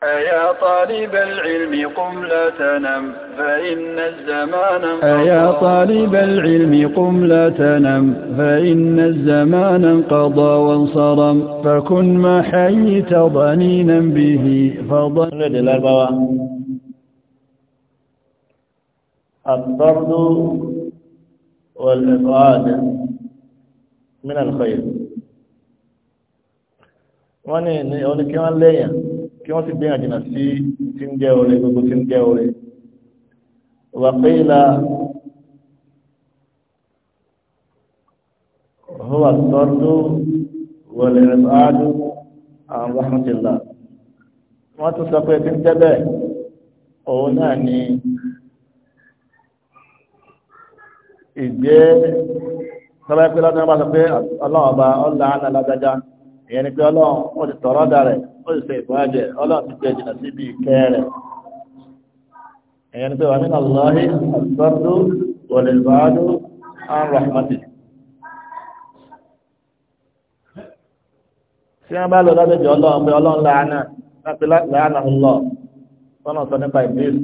أيا طالب العلم قم لا تنم فإن الزمان انقضى أيا طالب العلم قم لا تنم فإن الزمان انقضى وانصرم فكن ما حييت ضنينا به فضل الضرب والإقعاد من الخير wọ́n ní oníkí wọ́n léyìn kí wọ́n sì gbé àjìnà sí tí ń jẹ́ ọ̀rẹ́ gbogbo tí ń jẹ́ ọ̀rẹ́ wàkílà huwa sọ́dọ̀ wọlé ẹ̀báàdù àwọn rahmatullah wọ́n tún sọ pé tí ń òun náà ni ìgbé sọ pé ti tọ̀rọ̀ dà rẹ̀ ó sì ṣe ìbájẹ́ ọlọ́run ti jẹ́ jìnà síbi ìkẹ́ rẹ̀ ẹ̀yẹn tó wà nínú aláhí àtúbọ̀dù wọ̀lẹ̀lbàádù arahmati tí wọ́n bá lọ lọ́dọ̀ jọ ọlọ́run pé ọlọ́run láàánà láti láàánà ńlọ tọ́nà sọ nípa ìbéèrè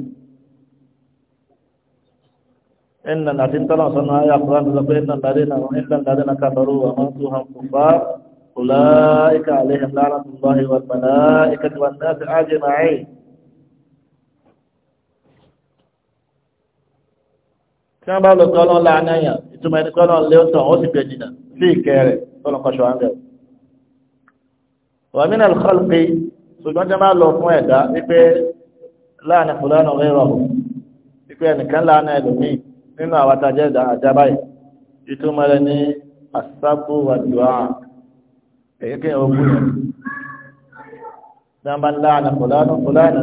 إن الذين تلعصنا يا قرآن إن الذين كفروا وماتوا هم كفار أولئك عليهم لعنة الله والملائكة والناس أجمعين tí wọ́n bá lọ kọ́ lọ́n láàrin àyàn ìtumọ̀ ẹni kọ́ lọ́n lé ọ̀tọ̀ ó sì gbẹ̀jìnà sí ìkẹrẹ̀ ọlọ́kọ̀ṣọ́ àńgẹ̀ wà mínà lọ́lọ́pẹ́ ṣùgbọ́n jẹ́ máa lọ fún ẹ̀dá wípé láàrin fúlánà rẹ̀rọ̀ wípé ẹnìkan láàrin ẹlòmíì nínú àwátajẹ́ àjábáyì èyíkẹ́ ogun yẹn nàmbà láàánà kòlánà kòlánà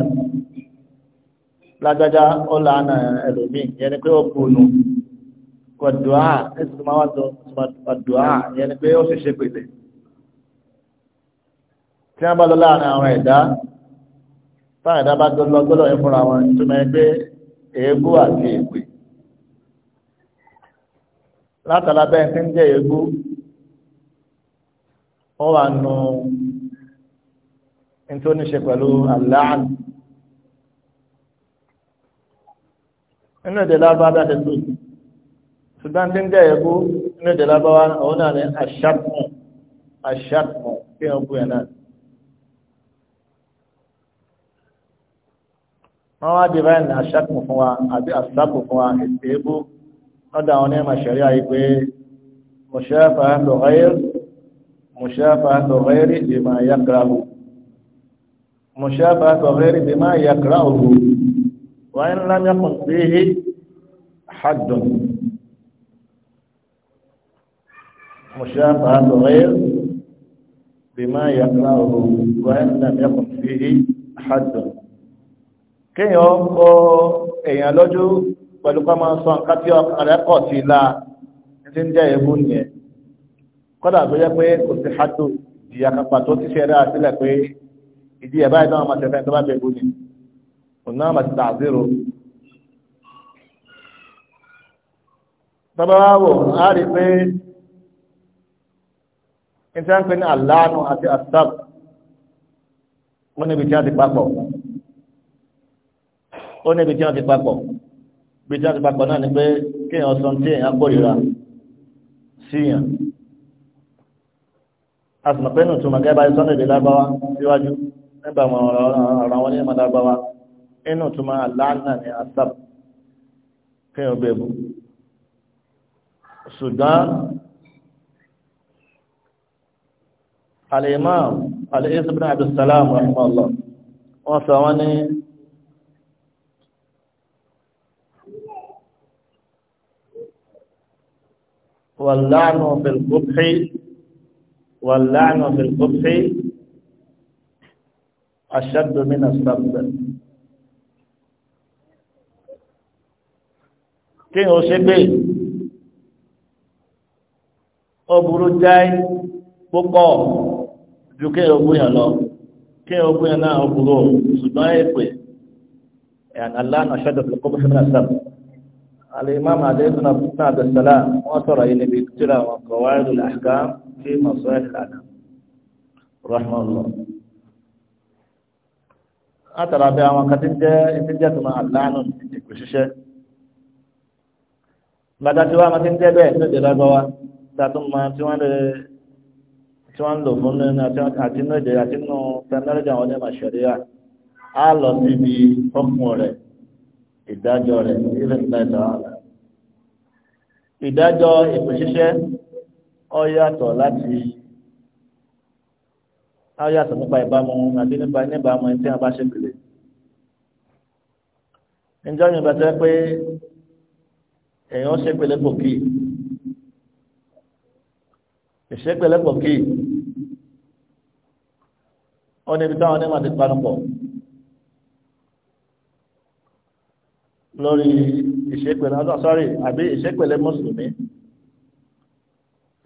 lágbájá ọ̀làánà ẹlòmíì yẹn ni pé ó gbónú kọ̀dùá ẹ̀sùn máa wá tó kọ̀dùá yẹn ni pé ó ṣe ṣe pèlè tí wọ́n bá lọ láàárín àwọn ẹ̀dá táwọn ẹ̀dá bá gbọ́ lọ́gbọ́lọ́ yẹn fúnra wọn ìtumọ̀ ẹgbẹ́ èébú àti èpè látàlábẹ́ ti ń jẹ́ èébú ọ wà nù nítorí ní ṣe pẹ̀lú aláàn nínú èdè lábá bí a ṣe tó ṣùgbọ́n tí ń jẹ́ ẹ̀kú nínú èdè lábá wa òun náà ní aṣápọ̀ aṣápọ̀ kí wọ́n bú ẹ̀ náà. wọ́n wá di báyìí ní aṣápọ̀ fún wa àbí aṣápọ̀ fún wa ètò ebú lọ́dọ̀ àwọn onímọ̀ ṣẹ̀rí àyè pé mọ̀ṣẹ́ fàá lọ́ọ́ مشابهة غيره بما يكره مشابهة غيره بما يكرهه وإن لم يكن فيه حد مشابهة غير بما يكرهه وإن لم يكن فيه حد kéèyàn kọ èèyàn lójú pẹ̀lú kọ́ máa sọ nǹkan tí ọkàn rẹ̀ kọ̀ sí la ti ń jẹ́ èébú nìyẹn kọ́dà tó yẹ pé kò sí hàtó ìyá kápá tó ti ṣẹ̀dá sílẹ̀ pé ìdí ẹ̀ báyìí náà máa ṣẹ̀fẹ́ tó bá bẹ̀ bú ni òun náà máa ti tà zero. tọ́ba wá wò á rí pé níta ń pè ní àlánú àti asab wọ́n níbi tí wọ́n ti papọ̀ ó níbi tí wọ́n ti papọ̀ bí tí wọ́n ti papọ̀ náà ni pé kéèyàn sọ tí èèyàn kórìíra síyàn asùnmọ̀pẹ́nù tó magẹ́bà sọ́nàdé lágbàwá síwájú nígbà ọ̀rọ̀ wọn ní ẹmọ lágbàwá inú tó máa láàánà ní asap kíyàn bẹ̀bù ṣùgbọ́n alìmọ́ alìsìbìnà abdulsalam rahimahullah wọ́n sọ wọ́n ní wàlánù bilkubhi واللعن في القبح أشد من السبب kí ni ó ṣe pé ó burú jáì púpọ̀ ju kí ni ó gbóyàn lọ kí ni ó gbóyàn náà ó burú ṣùgbọ́n èpè ẹ̀yàn aláàánà ṣẹ́dọ̀ fún kọ́bù sínú àṣàbù alẹ́ imáàmù adébùnà fún àbẹ̀sálà wọ́n sọ̀rọ̀ yìí níbi tíra wọn kọ̀wáìlú làkàá في مصالح الأنام رحمه الله أترى بها وقت جاءت مع اللعن وشيشة bàtà tí wàá máa ti ń tẹ́ bẹ́ẹ̀ lóde lágbáwá tá a tún máa tí wọ́n lè tí wọ́n lò fún nínú àti inú èdè àti inú tẹnẹ́rẹ́dì àwọn onímọ̀ ṣẹ̀ríà á lọ síbi ọkùn rẹ̀ ìdájọ́ rẹ̀ ìrìnlẹ̀ ìdájọ́ ìpèsíṣẹ́ ọ yàtọ̀ láti ọ yàtọ̀ nípa ìbámu àti nípa níbàámu ẹni tí wọn bá ṣe pèlè ǹjọ́ yìí bàtẹ́ pé èèyàn ṣe pèlè pò kì í ìṣe pèlè pò ó níbi táwọn onímọ̀ ti panupọ̀ lórí ìṣe pèlè ọdún sọ́rí àbí ìṣe pèlè mùsùlùmí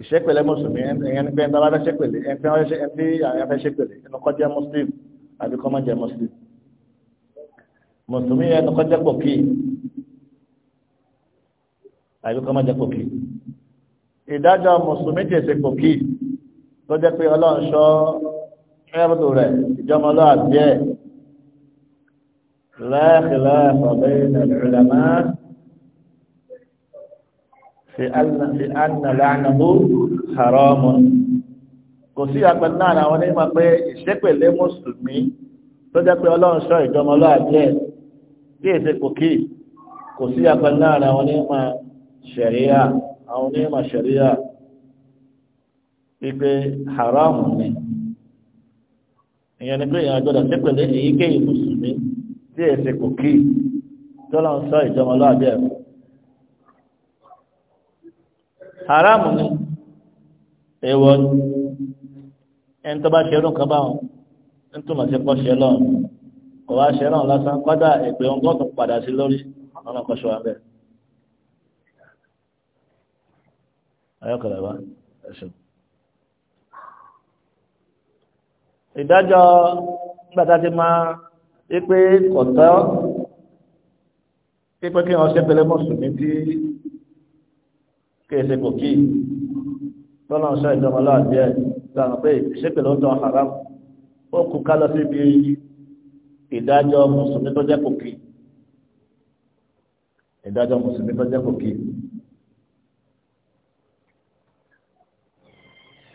ìṣẹ́pẹ̀lẹ́ mùsùlùmí ẹ̀yẹn ní pẹ́ńtà bá fẹ́ pẹ̀lẹ́ ẹ̀ńtẹ́ afẹ́ ṣe pẹ̀lẹ́ ẹnu kọjá muslim àbí kọ́mọ jẹ muslim mùsùlùmí ẹnu kọjá pòkì àbí kọ́mọ jẹ pòkì ìdájọ́ mùsùlùmí ti ṣe pòkì tó jẹ́ pé ọlọ́run ṣọ́ ẹ̀rọ̀dù rẹ̀ ìjọmọ ọlọ́àbí ẹ̀ lẹ́ẹ̀kì lẹ́ẹ̀kì ọ̀bẹ́ ìrìnàmọ́ لأن لعنه haram kò sí àpẹẹrẹ náà àwọn onímọ̀ pé ìṣẹ́pẹ̀lẹ́ mùsùlùmí tó jẹ́ pé ọlọ́run sọ ìjọmọlúàbí ẹ̀ bí èsè kò kí kò sí àpẹẹrẹ náà àwọn onímọ̀ ṣẹ̀ríà àwọn onímọ̀ ṣẹ̀ríà wípé haram ni ìyẹn ni pé ìyẹn àjọdọ̀ ṣẹ́pẹ̀lẹ́ èyíkéyìí mùsùlùmí bí èsè kò kí tọ́lọ́run sọ ìjọmọlúàbí ẹ̀ fún haramu ni èèwọ̀ ẹni tó bá ṣe ọdún kan báwọn ń túmọ̀ sí pọ́ ṣe lọ́run kò wá ṣe lọ́run lásán kọ́dà ẹ̀pẹ́ ohun tó tún padà sí lórí ọ̀nà kan ṣọ́wá bẹ́ẹ̀. ayọ́kọ̀lẹ̀ wa ẹ̀ṣọ́. ìdájọ́ nígbà tá a ti máa wípé kọ̀tọ́ wípé kí wọ́n ṣe pẹ̀lẹ́ mọ̀sùn tí kéèsè kò kí lọ́nà ṣe ìjọba láàbí ẹ̀ dára pé ìṣẹ́pẹ̀ ló ń tọ́ haram ó kú ká lọ sí ibi ìdájọ́ mùsùlùmí tó jẹ́ kò kí ìdájọ́ mùsùlùmí tó jẹ́ kò kí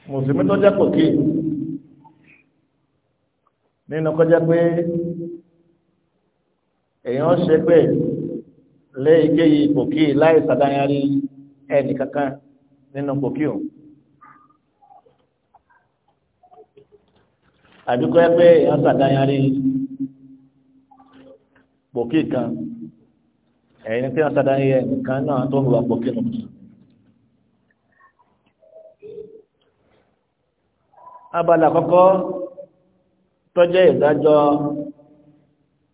mùsùlùmí tó jẹ́ kò kí nínú kọjá pé èèyàn ṣe pé lé ike yìí kò kí láì sàdáyárí yìí ẹnì kankan nínú kòkí o. àbíkọ́ ẹ pé asàdáyarí kòkí kan ẹ̀yin tí asàdáyarí ẹ̀ nìkan náà tó ń wà kòkí nù. abala kọ́kọ́ tọ́jẹ́ ìdájọ́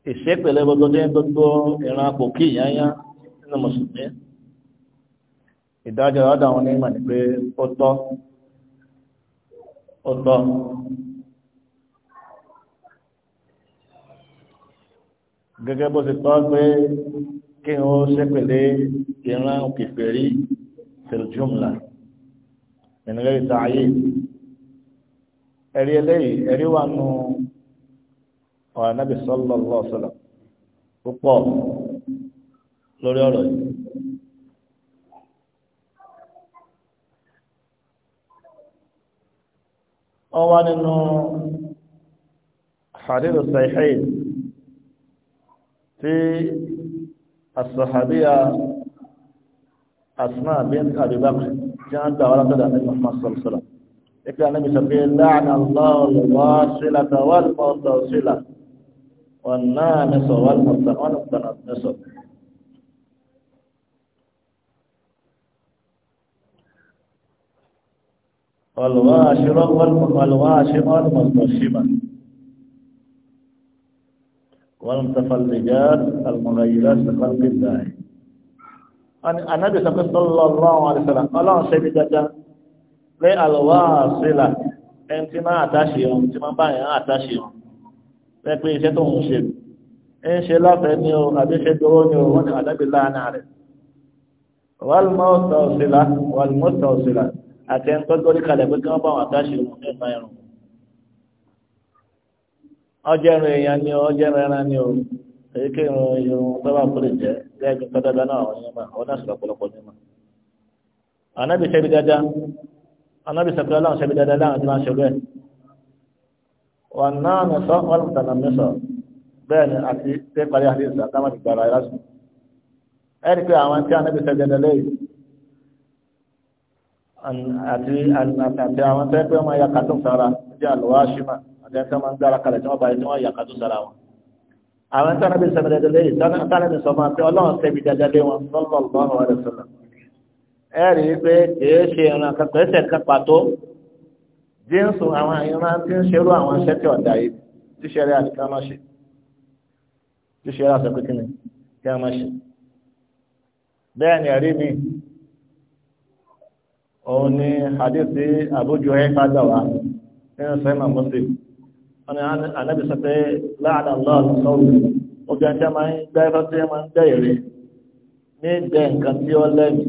ìṣépèlè gbogbo ní gbogbo ìran àpò kí ìyáyá nínú mùsùlùmí ìdájọ́ ọ̀dọ̀ àwọn onímọ̀ ni pé ó tọ́ ó tọ́ gẹ́gẹ́ bó ti tọ́ pé kí n ó ṣépèlé ìran kìfèrí tìrìjúmùlà ìnìlẹ́rì tààyè ẹ̀rí eléyìí ẹ̀rí wà nù ọ̀rọ̀ Ànábì púpọ̀ lórí ọ̀rọ̀ yìí ọwá nínú hadithu sahihain tí as-sahabiya asma bint abi bakr jan da wala tada nabi muhammad sallallahu alaihi wasallam ikra nabi sabil la'na allah al-wasilata wal mutawsila wan والواشرة والمستشبة والمتفلجات المغيرات لخلق الله النبي صلى الله عليه وسلم الله سيدي دادا pé àlọ́wàásílà ẹni tí máa àtàṣe ohun tí máa báyìí á àtàṣe ohun pé pé iṣẹ́ tó ń ṣe ń ṣe láfẹ̀ẹ́ ní o àbí ṣe dúró ní o wọ́n ti àdábì láàánà rẹ̀ wàlmọ́tàọ̀sílà wàlmọ́tàọ̀sílà àti ẹni tó gbórí kalẹ̀ pé kí wọ́n bá wọn àtàṣe wọn mẹ́ta ẹ̀rùn ọjọ́ ẹ̀rùn èèyàn ni ó ọjọ́ ẹ̀rùn ẹran ni ó èyí kí irun irun tó bá kúrò jẹ́ gẹ́gẹ́ tó dáadáa náà àwọn èèyàn máa àwọn náà sọ̀rọ̀ ọ̀pọ̀lọpọ̀ ní mà. ànábì sẹ́bi dáadáa ànábì sọ̀rọ̀ aláwọ̀ sẹ́bi dáadáa láwọn tí wọ́n ṣe bẹ́ẹ̀. wọn náà ní sọ wọn lùtà nà mí sọ bẹ́ẹ̀ ni àti tẹ́ parí àdéhùn àtàwọn ìgbàlá ẹ̀rọ àti àti àwọn tẹ́ pé ọmọ yakató sára jẹ́ àlùwáṣímà àti ẹ̀sẹ̀ máa ń gbára kalẹ̀ tí wọ́n báyìí tí wọ́n yakató sára wọn. àwọn tánà bí sẹ́mi dẹ́dẹ́lẹ́ yìí tánà bí sọ máa pé ọlọ́run sẹ́mi dẹ́dẹ́lẹ́ wọn sallallahu alaihi wasallam. ẹ rí i pé kìí ṣe ìran kan pẹ́sẹ̀ kan pàtó jíǹsù àwọn ìran tí ń ṣerú àwọn iṣẹ́ tí ọ̀dà yìí tí ṣẹlẹ̀ àti kí wọ́n máa ṣe tí ṣẹlẹ̀ àti kí wọ́n máa ṣe òun ni hadithi àbújọ ẹ̀ padà wá nínú sẹ́mà muslim wọn ni anábì sọ pé láàdà lọ́ọ̀lù sọ́ọ̀lù obìnrin tí a máa ń gbẹ́ ẹ̀rọ tí a máa ń gbẹ́ ìrè ní ìgbẹ́ nǹkan tí ó lẹ́mì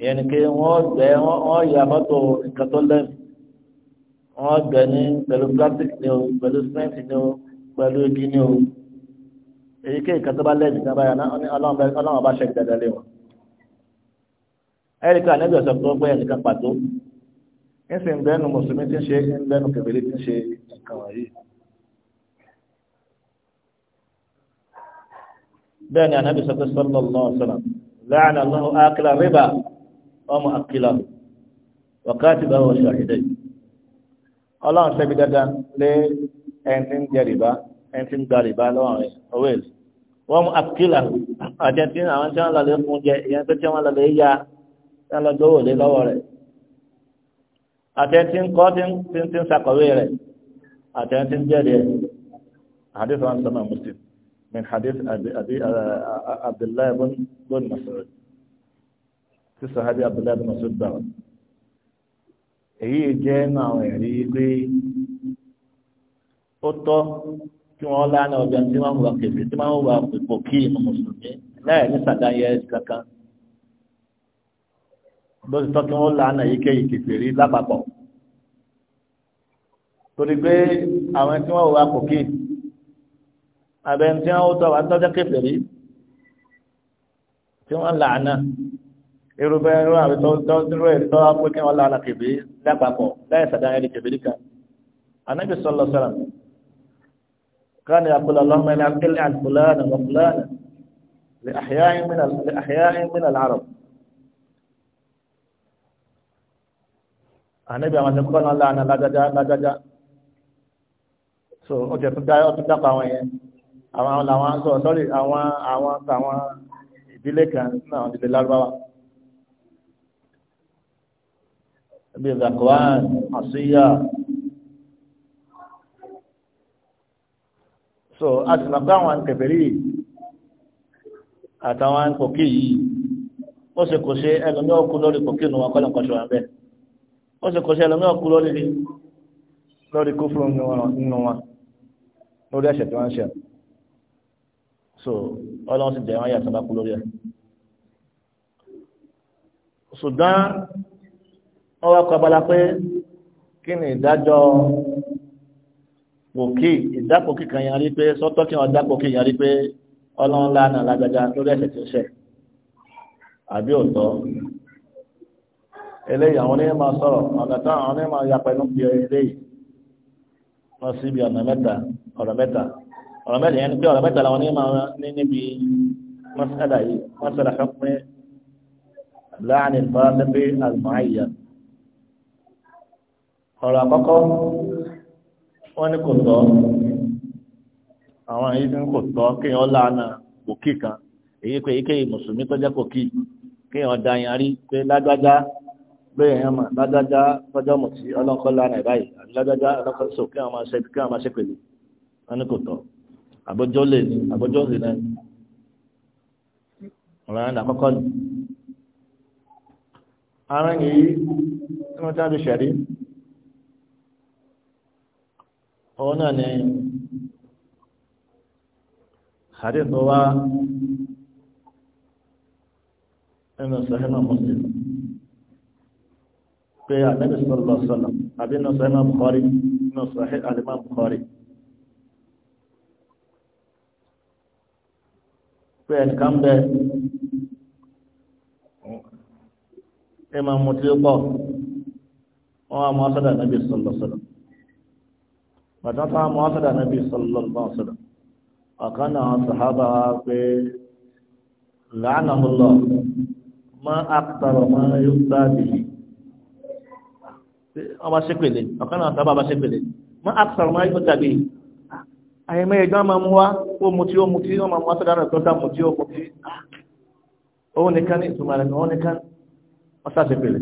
ìyẹn ni pé wọ́n gbẹ́ wọ́n ya mọ́tò nǹkan tó lẹ́mì ní pẹ̀lú plastic ni o pẹ̀lú cement ni o pẹ̀lú igi ni o èyíkéyìí kan tó bá náà ọlọ́run bá ṣe ìdàdàlẹ́ wọn. ẹ̀ríkà ànábì ọ̀sán tó gbé ẹnìkan pàtó ń sì ń bẹ́nu mùsùlùmí tí ń ṣe ń bẹ́nu kẹfẹ́lé tí ń ṣe nǹkan wọ̀nyí. bẹ́ẹ̀ ni ànábì sọ pé sallallahu alaihi wasallam láàánà Allahu akila rìbá ọmọ akila wákàtí bá wọ́n ṣàhídẹ́ ọlọ́run ṣẹ́bi dandan lé ẹni tí ń jẹ rìbá ẹni tí ń gba rìbá wọ́n mú akila àti ẹni tí àwọn tí wọ́n lọ fún jẹ ìyẹn tó tí wọ́n lọ tí wọ́n lọ gbowó lé lọ́wọ́ rẹ̀ àtẹ̀tí ń kọ́ tí ń sàkọ̀wé rẹ̀ àtẹ̀tí ń jẹ́rìí ẹ̀ hadith wọn sọ́mọ̀ muslim min hadith abi uh, abdullahi bin mas'ud tí sahabi abdullahi bin mas'ud bá wọn èyí jẹ́ inú àwọn ẹ̀rí pé ó tọ́ kí wọ́n lánàá ọjà tí wọ́n wà kébé tí wọ́n wà pípò mùsùlùmí láì ní sàdáyé kankan bó ti tọ́ kí wọ́n lànà èyíkéyìí kèfèrí lápapọ̀ torí pé àwọn tí wọ́n wà kòkí abẹ́ntí wọ́n tọ́ wà tọ́jọ́ kèfèrí tí wọ́n lànà irúfẹ́ irú àwọn tó ń dúró ẹ̀ tọ́ pé kí wọ́n lànà kèfèrí lápapọ̀ láì sàdáyà ní kèfèrí kan anábì sallallahu alaihi wasallam كان يقول اللهم إن أقل عن فلان وفلان لأحياء من, لأحياء من العرب ànábì àwọn ṣe kọ́nà láàánà lágájá lágájá so ó jẹ́ tún dáyọ́ tún dápa àwọn yẹn àwọn làwọn sọ sọ́rí àwọn àwọn àwọn ìdílé kan nínú àwọn ìdílé lárúbáwá bí zakwan àṣíyà so a sì máa bá àwọn kẹfẹ́rí àtàwọn kòkí yìí ó sì kò ṣe ẹnu ní ó kú lórí kòkí nu wọn kọ́lọ̀ kọ́ṣọ́ wọn bẹ́ẹ̀ wọ́n sì kọ́ṣẹ́ lọ́mí ọ̀kú lórí lórí kó fún nínú wọn lórí ẹ̀ṣẹ̀ tí ń ṣe so ọlọ́run sì jẹ́ wọ́n yàtọ̀ bá kú lórí ẹ̀ ṣùgbọ́n wọ́n wá kọ́ abala pé kí ni ìdájọ́ pòkì ìdápòkì kan yàrí pé sọ́tọ́ kí wọ́n dápòkì yàrí pé ọlọ́run lánàá lágbájá lórí ẹ̀ṣẹ̀ tí ó ṣẹ̀ àbí òótọ́ eléyìí àwọn oníyẹn máa sọ̀rọ̀ ọ̀nà àwọn oníyẹn máa yapa ẹnu bí eléyìí lọ ibi ọ̀nà mẹ́ta ọ̀rọ̀ mẹ́ta ọ̀rọ̀ mẹ́ta yẹn pé ọ̀rọ̀ mẹ́ta làwọn oníyẹn máa ní níbi masala yìí masala hukmi láàánì fásitì àlùmáyà ọ̀rọ̀ àkọ́kọ́ wọ́n ní kò tọ́ àwọn èyí kò tọ́ láàánà bẹ́ẹ̀ yẹn mà ládájá tọ́jọ́ mọ̀ sí ọlọ́kọ́ lára ẹ̀ báyìí ládájá ọlọ́kọ́ sọ kí àwọn aṣẹ́ kí àwọn aṣẹ́ pẹ̀lú wọn ni kò tọ́ àbójọ́ lè ní àbójọ́ lè náà ọ̀rọ̀ yẹn àkọ́kọ́ ni. ara yìí tí wọ́n jáde ṣẹ̀rí ọ̀hún náà ni hadith wa ẹnu sahih muslim قيا النبي صلى الله عليه وسلم هذه النص امام بخاري نص صحيح الامام بخاري قيا كم ده امام مطلق هو موافد النبي صلى الله عليه وسلم فتطعم موافد النبي صلى الله عليه وسلم أقنع صحابها في لعنه الله ما أكثر ما يؤتى به ọba ṣépèlè ọ̀kan náà sábà bá ṣépèlè má àkàrà máa yọ tàbí àyẹ̀mẹ́ ẹ̀gbọ́n máa mú wá ó mu tí ó mu tí ó máa mú wá sọ́dọ̀ tó dá mu tí ó mu tí òun nìkan ní ìtumọ̀ rẹ̀ òun nìkan wọ́n sá ṣépèlè.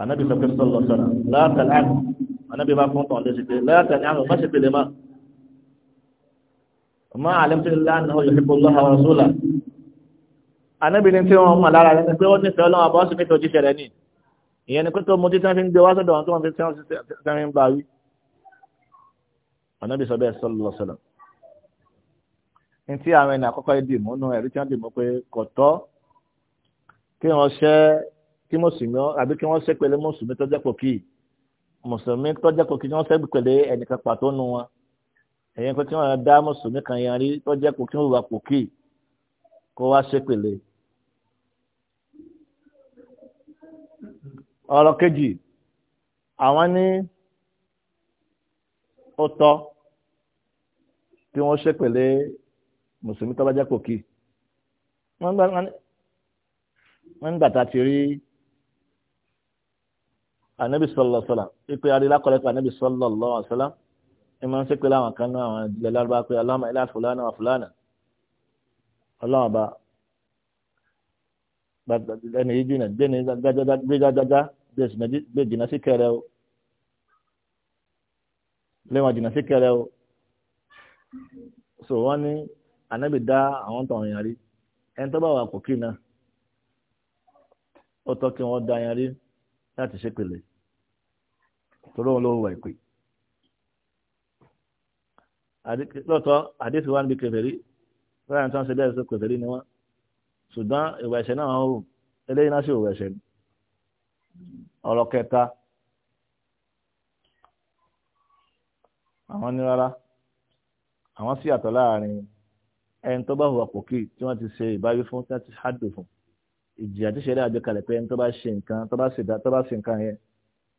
ànábì sọ̀kẹ́ sọ̀rọ̀ sọ̀rọ̀ látàlá ànábì bá fún tọ̀ lẹ́sìn pé látàlá àwọn máṣe pèlè má má àlẹ́ anábìnrin tí wọ́n mọ̀ lára rẹ̀ pé ó nífẹ̀ẹ́ ọlọ́run àbọ̀ ọ̀sùn nítorí jíṣẹ́ ní ìyẹn ni pé tó mo títí fi ń gbé wá sọ́dọ̀ àwọn tó wọ́n fi sẹ́rin ń bá wí anábì sọ bẹ́ẹ̀ sọ́lọ́ sọ́lọ́ ní tí àwọn ẹni àkọ́kọ́ yìí dì mú nú ẹ̀rí tí wọ́n dì mú pé kò tọ́ kí wọ́n ṣẹ́ kí mùsùlùmí àbí kí wọ́n ṣẹ́ pẹ̀lú mùsùlùmí tó jẹ́ pòkì mùsùlùmí tó jẹ́ pòkì wọ́n ṣẹ́ pẹ̀lú ẹnìkan pàtó nu wọn èyí pé kí wọ́n dá mùsùlùmí kan yan rí tó jẹ́ pòkì wọ́n wà pòkì kó wá ṣépèlè ọ̀rọ̀ kejì àwọn ní ó tọ́ kí wọ́n ṣe pèlè mùsùlùmí tó bá jẹ́ kò kí wọ́n gbà wọ́n gbà tá a ti rí anabi sọlọ sọlá ipe adila kọlẹ pé anabi sọlọ lọ sọlá ẹ máa ń ṣépè kan náà àwọn ìdílé lárúbá pé aláma ilá fúlánà fúlánà ọlọ́wọ́n bá ẹni yìí jìnnà gbé ní gbéjájájá gbé jìnnà sí kẹrẹ o léwọn jìnnà sí kẹrẹ o so wọn ní anábì dá àwọn tó àwọn èèyàn rí ẹni tó bá wà kò kí náà ó tọ́ kí wọ́n dá èèyàn rí láti ṣépele torí òun ló wà ìpè lọ́tọ̀ àdéhùn wa ń bi kèfèrí báyà tó ń ṣe bẹ́ẹ̀ sọ kèfèrí ni wọ́n ṣùgbọ́n ìwà ẹ̀ṣẹ̀ náà ń rò eléyìí náà sì rò ẹ̀ṣẹ̀ ni ọ̀rọ̀ kẹta àwọn ní rárá àwọn sì yàtọ̀ láàrin ẹni tó bá hùwà pòkì tí wọ́n ti ṣe ìbáwí fún tí wọ́n ti hádùn fún ìjìyà tí ṣẹlẹ̀ àgbékalẹ̀ pé ẹni tó bá ṣe nǹkan tó bá ṣe nǹkan yẹn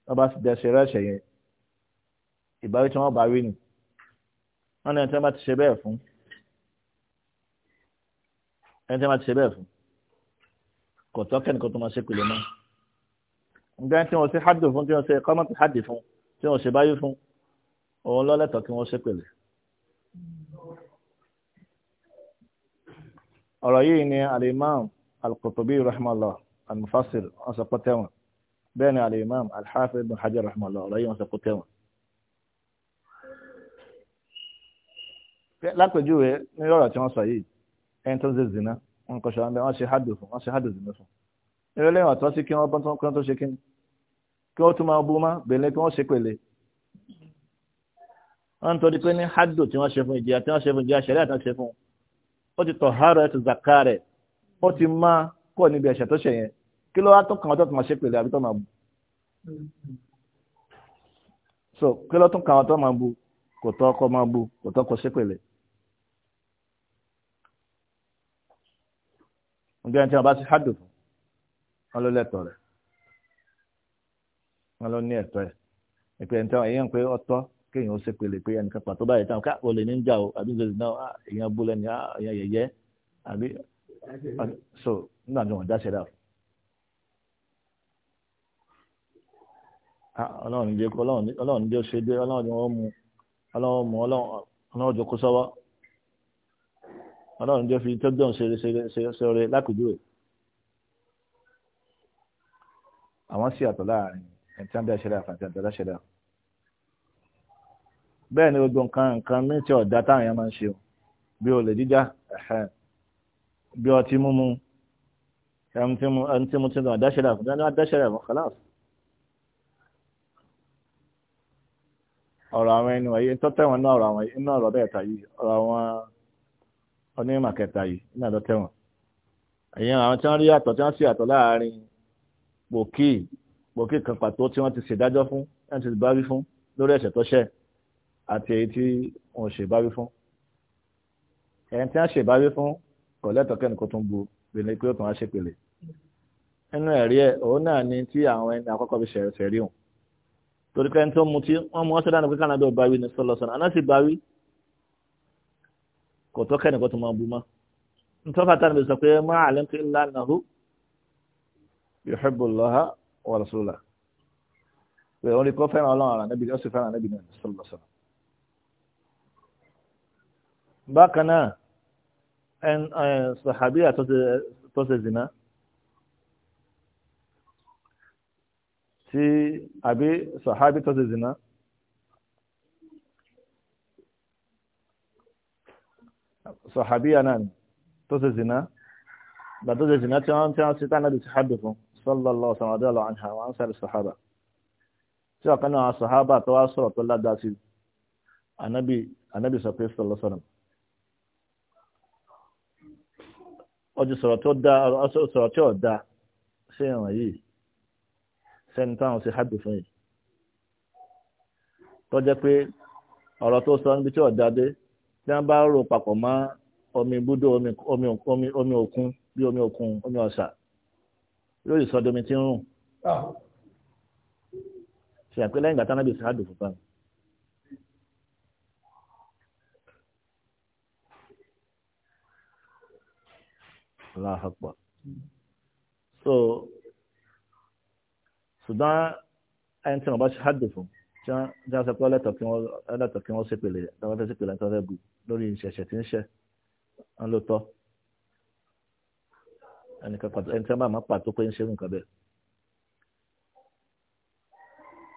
tó bá ṣe rẹ́ṣẹ̀ yẹn ìbáwí tí wọ́n bá wí ni wọ́n ní ẹni tí wọ́n bá ti ṣe bẹ́ẹ̀ fún ẹni tí wọ́n ti ṣe bẹ́ẹ̀ fún kò tọ́ kẹ́nìkan tó máa ṣe pèlè náà nígbà tí wọ́n ṣe hajj fún tí wọ́n ṣe kọ́mọ́tì hajj fún tí wọ́n ṣe báyìí fún òun lọ́lẹ́tọ̀ kí wọ́n ṣe pèlè. ọ̀rọ̀ yìí ni alimam al-Qurtubi rahmalah al-Mufassir bẹ́ẹ̀ ni alimam al ibn Hajar rahmalah ọ̀rọ̀ yìí ọ̀sọ̀pọ̀ tẹ̀wọ̀n. lápèjúwe ní ọ̀rọ̀ tí wọ́n sọ yìí ẹni tó ń ṣe zina wọn kọ́ ṣọ́ra wọn ṣe hádùn fún wọn ṣe hádùn zina fún eré lẹ́yìn ọ̀tọ́ sí kí wọ́n bọ́n kí wọ́n tó ṣe kí ni kí wọ́n tún máa bú má bèlè kí wọ́n ṣe pèlè wọ́n ń tọ́jú pé ní hádùn tí wọ́n ṣe fún ìjìyà tí wọ́n ṣe fún ìjìyà ṣẹlẹ̀ àti wọ́n ṣe fún ó ti tọ̀ hárọ̀ ẹ̀ ti zàká rẹ̀ ó ti má kọ́ níbi ẹ̀ṣẹ̀ tó ṣe yẹn kí ló wá tó kàn ọ́ tó máa ṣe pèlè àbí tó máa bú so kí ló tún kàn ọ́ tó máa bú kò tọ́ ọkọ máa bú kò tọ́ ọkọ ṣe pèlè nígbà tí wọn bá ṣe hádùn fún wọn ló lẹ́tọ̀ọ́ rẹ̀ wọn ló ní ẹ̀tọ́ ẹ̀ ìpè ẹni tí wọn èèyàn pé ọ̀tọ̀ kéèyàn ó ṣèpele pé ẹnìkan pàtó báyìí táwọn ká olè ní ń jà o àbí ìgbésẹ̀ náà ah, èèyàn bú lẹ́nu ah, èèyàn yẹ̀yẹ́ àbí so nígbà tí wọn dá ṣẹlẹ̀ fún. Ah, ọlọ́run jẹ́ ọlọ́run jẹ́ ṣe dé ọlọ́run jẹ́ wọ́n mú ọlọ́run mú kó sọ́wọ́ ọlọ́run jọ fi tọ́jọ́ ṣeré lákòjúwe àwọn sí àtọ̀ láàrin ẹ̀tí àbí àṣẹlẹ̀ àfàtì àtọ̀lá ṣẹlẹ̀ bẹ́ẹ̀ ni gbogbo nǹkan nǹkan ní tí ọ̀dá táwọn èèyàn máa ń ṣe bí olè jíjà bí ọtí mímu ẹni tí mo ti lọ àdáṣẹlẹ̀ àfàtì àdáṣẹlẹ̀ àfàtì kàláàfù ọ̀rọ̀ àwọn ẹni wọ̀nyí tọ́tẹ̀wọ̀n náà ọ̀rọ̀ àwọn ẹni náà ọ̀rọ̀ bẹ́ẹ̀ tà yìí ọ̀rọ̀ àwọn onímọ̀ kẹta yìí ní àdó tẹ̀wọ̀n èèyàn àwọn tí wọ́n rí àtọ̀ tí wọ́n sì àtọ̀ láàrin pòkì pòkì kan pàtó tí wọ́n ti ṣèdájọ́ fún wọ́n ti bá wí fún lórí ẹ̀ṣẹ̀ tó ṣẹ̀ àti èyí tí wọ́n ṣe bá wí fún ẹ̀yìn tí wọ́n ṣe bá wí fún kò lẹ́tọ̀ọ́ kẹ́ni kó tún bu bìnrin pé ó tún wá ṣèpele nínú ẹ̀rí ẹ̀ òun náà ni tí àwọn ẹni àkọ́kọ́ fi ṣẹ̀rí hùn torí pé ẹni tó mutí wọ́n mú ọ́sẹ̀ dánù pé kánádọ̀ báwí ni sọ́lọ́sọ́nà aná sì báwí kò tó kẹ́ni kó tó máa bu mọ́ nítorí àtàwọn ìbí sọ pé má àlẹ́kù illa annahu yuhibbu Allaha wa rasulahu pé orí kó fẹ́ràn ọlọ́run ara níbi ó sì fẹ́ràn níbi náà sallallahu sallam. tí àbí sàhábí tọ́sẹ̀ zina. sọ̀hábíyà náà ni tó ṣe zìnà gbà tó ṣe zìnà tí wọ́n tí wọ́n ṣe tánà lè ṣe hábì fún sallallahu sàmàdàlọ́ àǹhà wọn sáré sọ̀hábà tí ọ̀kan náà sọ̀hábà tó sọ pé sallallahu sọrọ ọjọ́ sọ̀rọ̀ sọ omi ibùdó omi òkun bí omi òkun omi ọ̀sà yóò sọ domi tí ń rùn ah. ṣe àpé lẹ́yìn ìgbà tánábì sáàdù fúnpa. láàpọ̀ so ṣùgbọ́n ẹni tí wọ́n bá ṣáàdù fún tí wọ́n sọ pé ọlẹ́tọ̀ kí wọ́n ṣépele tí wọ́n fẹ́ ṣépele tí wọ́n fẹ́ bu lórí ìṣẹ̀ṣẹ̀ tí ń ṣẹ̀ wọn ló tọ́ ẹnìkan pàtó ẹnìkan bá máa pàtó pé ń ṣe nǹkan bẹ́ẹ̀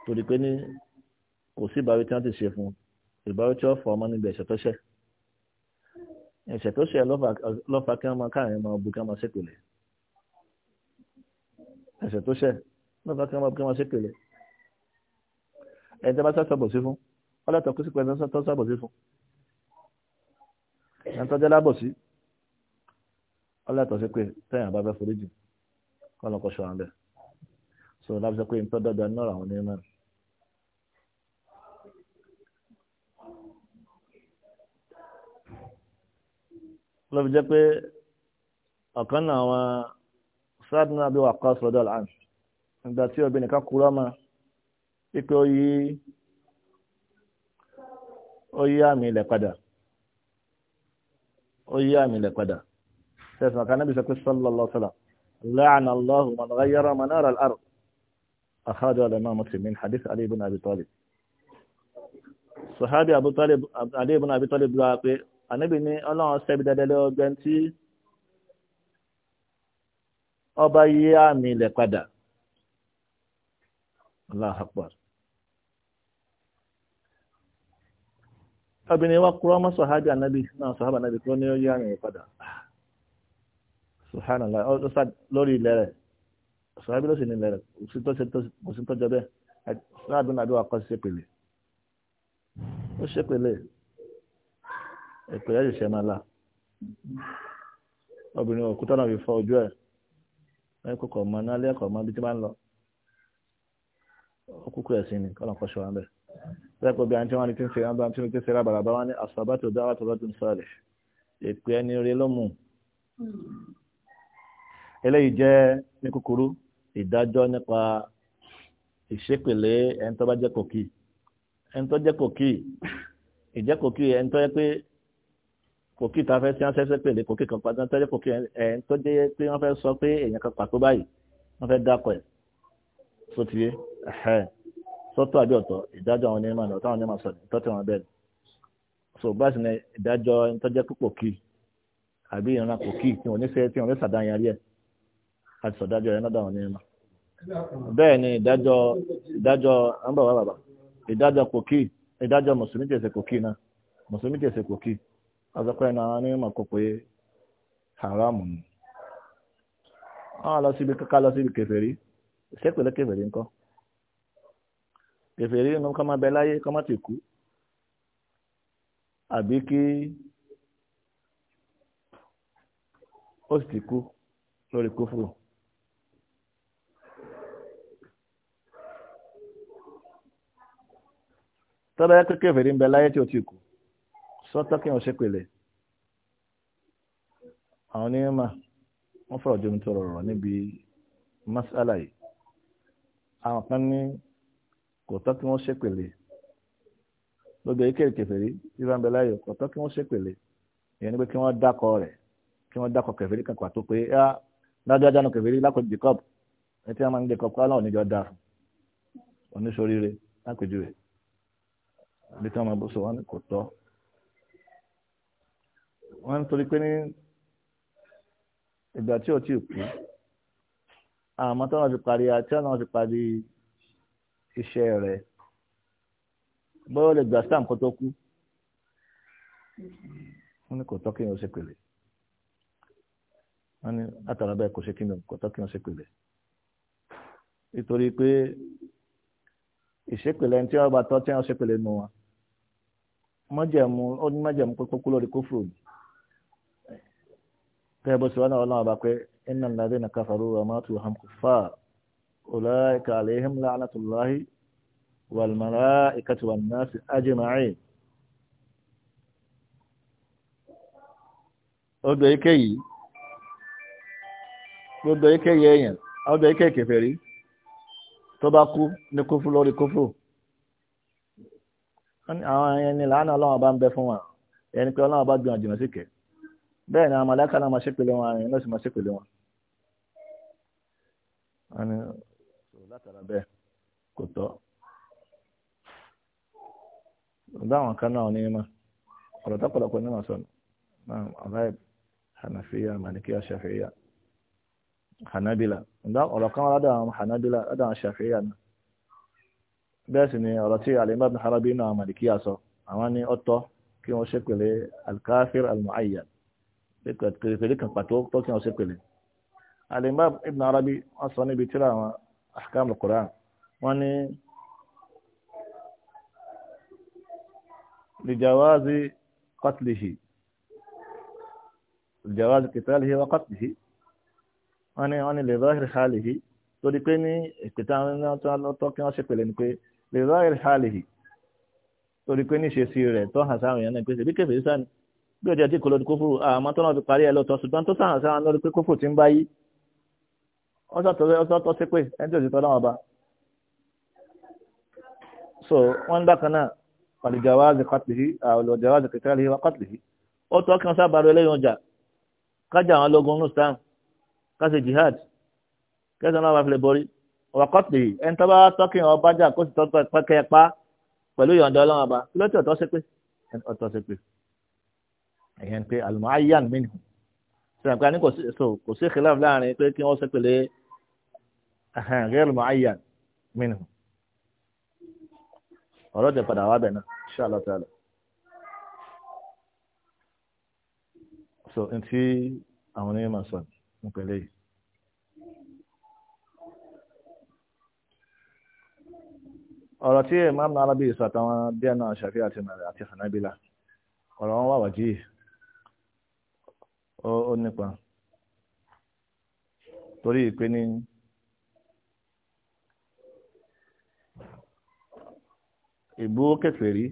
torí pé ní kò sí ìbáwí tí wọ́n ti ṣe fún ìbáwí tí wọ́n fọ ọmọ níbi ẹ̀ṣẹ̀ tó ṣẹ̀ ẹ̀ṣẹ̀ tó ṣẹ̀ lọ́fà kí wọ́n máa káàrin máa bu kí wọ́n máa ṣèpèlè ẹ̀ṣẹ̀ tó ṣẹ̀ lọ́fà kí wọ́n máa bu kí wọ́n máa ṣèpèlè ẹ̀jẹ̀ bá sá sọ̀bọ̀ sí fún ọlọ́tọ̀ kó sì pẹ́ sọ́sọ́ sọ̀bọ̀ sí fún ẹni tọ́jú alábòsí ọlọ́tọ̀ sí pé tẹ́yìn bá fẹ́ foríjì kọ́ lọ́kọ́ ṣọ́ àwọn bẹ́ẹ̀ so láti sọ pé n tọ́ dọ́dọ̀ náà àwọn onímọ̀ ló fi jẹ́ pé ọ̀kan náà wọn sádùn àbí wà kọ́ sọ́dọ̀ láàánú nígbà tí obìnrin kan kúrọ́ mọ́ pípé ó yí ó yí àmì ilẹ̀ padà ó yí àmì ilẹ̀ padà sẹ́sìn ọ̀kan náà bí sọ pé sallallahu alaihi wasallam la'ana Allahu man ghayyara manar al-ard akhrajahu al-imam Muslim min hadith Ali ibn Abi Talib sahabi Abu Talib Ali ibn Abi Talib lọ́wọ́ pé ànábì ní ọlọ́run sẹ́bi dáadáa lọ́wọ́ tí ọba yí àmì ilẹ̀ padà Allahu akbar obìnrin wá kúrọ́ mọ́ sọ̀hábì ànábì náà sọ̀hábì ànábì kúrọ́ ní orí àrùn ìpadà subhanallah lórí ilẹ̀ rẹ̀ sọ̀hábì ló sì ní ilẹ̀ rẹ̀ kò sí tọ́jọ́ bẹ́ẹ̀ sáàdùn àdó akọ́ sí na ó ṣépele ìpìlẹ̀ ṣẹ̀ṣẹ̀ máa la obìnrin òkúta náà fi lọ ó kúkú ẹ̀ sí ni sẹ́kọ̀ọ́ bí àǹtí wọn ni tí ń ṣe rábà tí ń ṣe rábà wọn ni àṣàbàtò dáwà tó lọ́dún sọ́ọ̀lẹ̀ èpè ẹni rẹ ló mú. eléyìí jẹ́ ní kúkúrú ìdájọ́ nípa ìṣépèlé ẹni tó bá jẹ́ kòkì ẹni tó jẹ́ kòkì ìjẹ́ kòkì ẹni tó yẹ pé kòkì tá a fẹ́ sí wọn ṣẹ́ṣẹ́ pèlè kòkì kan pàtó tó jẹ́ kòkì ẹni tó jẹ́ pé wọ́n fẹ́ sọ pé èèyàn kan pàtó báyìí wọ́n fẹ́ dákọ̀ ẹ̀ sótìyé ẹ̀hẹ́ tọ́tọ́ àbí ọ̀tọ̀ ìdájọ́ àwọn onímọ̀ ní àwọn onímọ̀ sọ̀rọ̀ tọ́tọ́ wọn bẹ́ẹ̀ so báyìí ni ìdájọ́ tọ́jẹ́ púpọ̀ kì í àbí ìran kò kì í tí wọ́n ní sẹ́ tí wọ́n ní sàdáyàrí ẹ̀ àti sọ̀dájọ́ ẹ̀ lọ́dọ̀ àwọn onímọ̀ bẹ́ẹ̀ ni ìdájọ́ ìdájọ́ àǹbà wà bàbà ìdájọ́ kò kì í ìdájọ́ mùsùlùmí tẹ̀sẹ̀ kò kì í náà mùsùlùmí tẹ̀sẹ̀ kò kì í kèfèrí inú kọ́ máa bẹ láyé kọ́ máa ti kú àbí kí ó sì ti kú lórí kófòrò. tọ́lá yẹ kékeré fèrè ń bẹ láyé tí o ti kù sọ́tọ́ kí wọ́n ṣe pèlè àwọn onímọ̀ wọ́n fọ̀rọ̀ jomitoro rọ̀ níbi masala yìí àwọn kan ní kò tọ́ kí wọ́n ṣépèlè gbogbo ìkéde kèfèrí tí bá ń bẹ láyò kò tọ́ kí wọ́n ṣépèlè ìyẹn ni pé kí wọ́n dákọ̀ rẹ̀ kí wọ́n dákọ̀ kèfèrí kan pàtó pé á dájúdájú nù kèfèrí lákòó jacob ẹ tí wọ́n máa ń jacob kọ́ aláwọ̀ níjọ́ dáa oníṣoríire lápèjúwe bí tí wọ́n máa bó so wọ́n kò tọ́ wọ́n ń torí pé ní ìgbà tí ò tí kú àmọ́ tí wọ́n ti parí àti àwọn ti parí iṣẹ́ rẹ̀ bọ́ọ̀ lè gbà sáà nǹkan tó kú wọ́n ní kò tọ́ kí wọ́n ṣe pèlè wọ́n ní látara bẹ́ẹ̀ kò ṣe kí wọ́n kò tọ́ kí wọ́n ṣe pèlè nítorí pé ìṣèpèlè tí wọ́n bá tọ́ tí wọ́n ṣe pèlè nù wọn mọ́jẹ̀mú ó ní mọ́jẹ̀mú pé kókó lórí kófò ní tẹ́ bó ṣe wọ́n náà wọ́n náà bá pé innal ladhina kafaru wa matu hum kuffar. أولئك عليهم لعنة الله والملائكة والناس أجمعين ọdọ̀ ike yìí gbogbo كفري yìí èèyàn ọdọ̀ ike kèfèrí tó bá kú ní kúfù lórí kúfù àwọn ẹni làánà ọlọ́wọ́n bá ń bẹ fún wa ẹni pé ọlọ́wọ́n bá gbìyànjú jìnà síkẹ̀ bẹ́ẹ̀ ni àwọn màláíkà náà máa ṣépele wọn àrùn náà sì máa ṣépele wọn látara bẹ́ẹ̀ kò tọ́ dáwọn kan náà ní ma ọ̀rọ̀ tọ́pọ̀lọpọ̀ ní ma sọ náà ọ̀láì hanafiya malikiya shafiya hanabila ǹdá ọ̀rọ̀ kan ládà àwọn hanabila ládà àwọn shafiya náà bẹ́ẹ̀ sì ni ọ̀rọ̀ tí alimá bin harabi náà malikiya sọ àwọn ní ọ̀tọ̀ kí wọ́n ṣe pèlè alkafir almuayyan pèlè kan pàtó tó kí wọ́n ṣe pèlè alimá ibn arabi wọ́n sọ níbi tíra àwọn àkàmù Quran wọ́n ní lìjàwáàzì kọ́tìlìhì lìjàwáàzì kìtàlìhì wá kọ́tìlìhì wọ́n ní wọ́n ní lè zahir halihi torí pé ní ìpìtà tó kí wọ́n ṣe pèlè ni pé lè zahir halihi torí pé ní ṣe sí rẹ̀ tó hàn sáwọn èèyàn náà pé ṣèbí kẹfẹ́ sáà ni bí ọjọ́ tí kò lódì kófò àmọ́ tó náà ti parí ẹ lọ́tọ̀ ṣùgbọ́n tó sáà sáà lórí pé kófò ti ń báyìí wọ́n sọ̀tọ̀ ọ̀sọ̀tọ̀ sí pé ẹni tí ò sí tọ́lá wọn bá so wọ́n ń bákan náà àlùjáwáàzì kọ́tìlì àlùjáwáàzì kẹtàlì wà kọ́tìlì ó tọ́ kí wọ́n sábà rẹ lẹ́yìn ọjà kájà àwọn ológun ní islam káṣe jihad kẹsàn-án náà wà fìlẹ̀ borí wà kọ́tìlì ẹni tó bá tọ́ kí wọ́n bá jà kó sì tọ́ pẹ́kẹ́ pa pẹ̀lú ìyọ̀ǹda ọlọ́run ọba kí ló ti ọ̀tọ̀ sí pé ọ̀tọ̀ sí pé ẹ̀yẹn pé àlùmọ́ ayé àmì غير معين منه ọ̀rọ̀ jẹ́ padà wá bẹ̀ náà insha Allah so n tí àwọn onímọ̀ sọ ní pẹ̀lẹ́ yìí ọ̀rọ̀ tí Imam Al-Arabi sọ àtàwọn díẹ̀ náà Shafi'i àti mẹ́rẹ̀ àti Hanabila ọ̀rọ̀ wọn wà wájú yìí ó nípa torí ìpé ìbò kèfèrí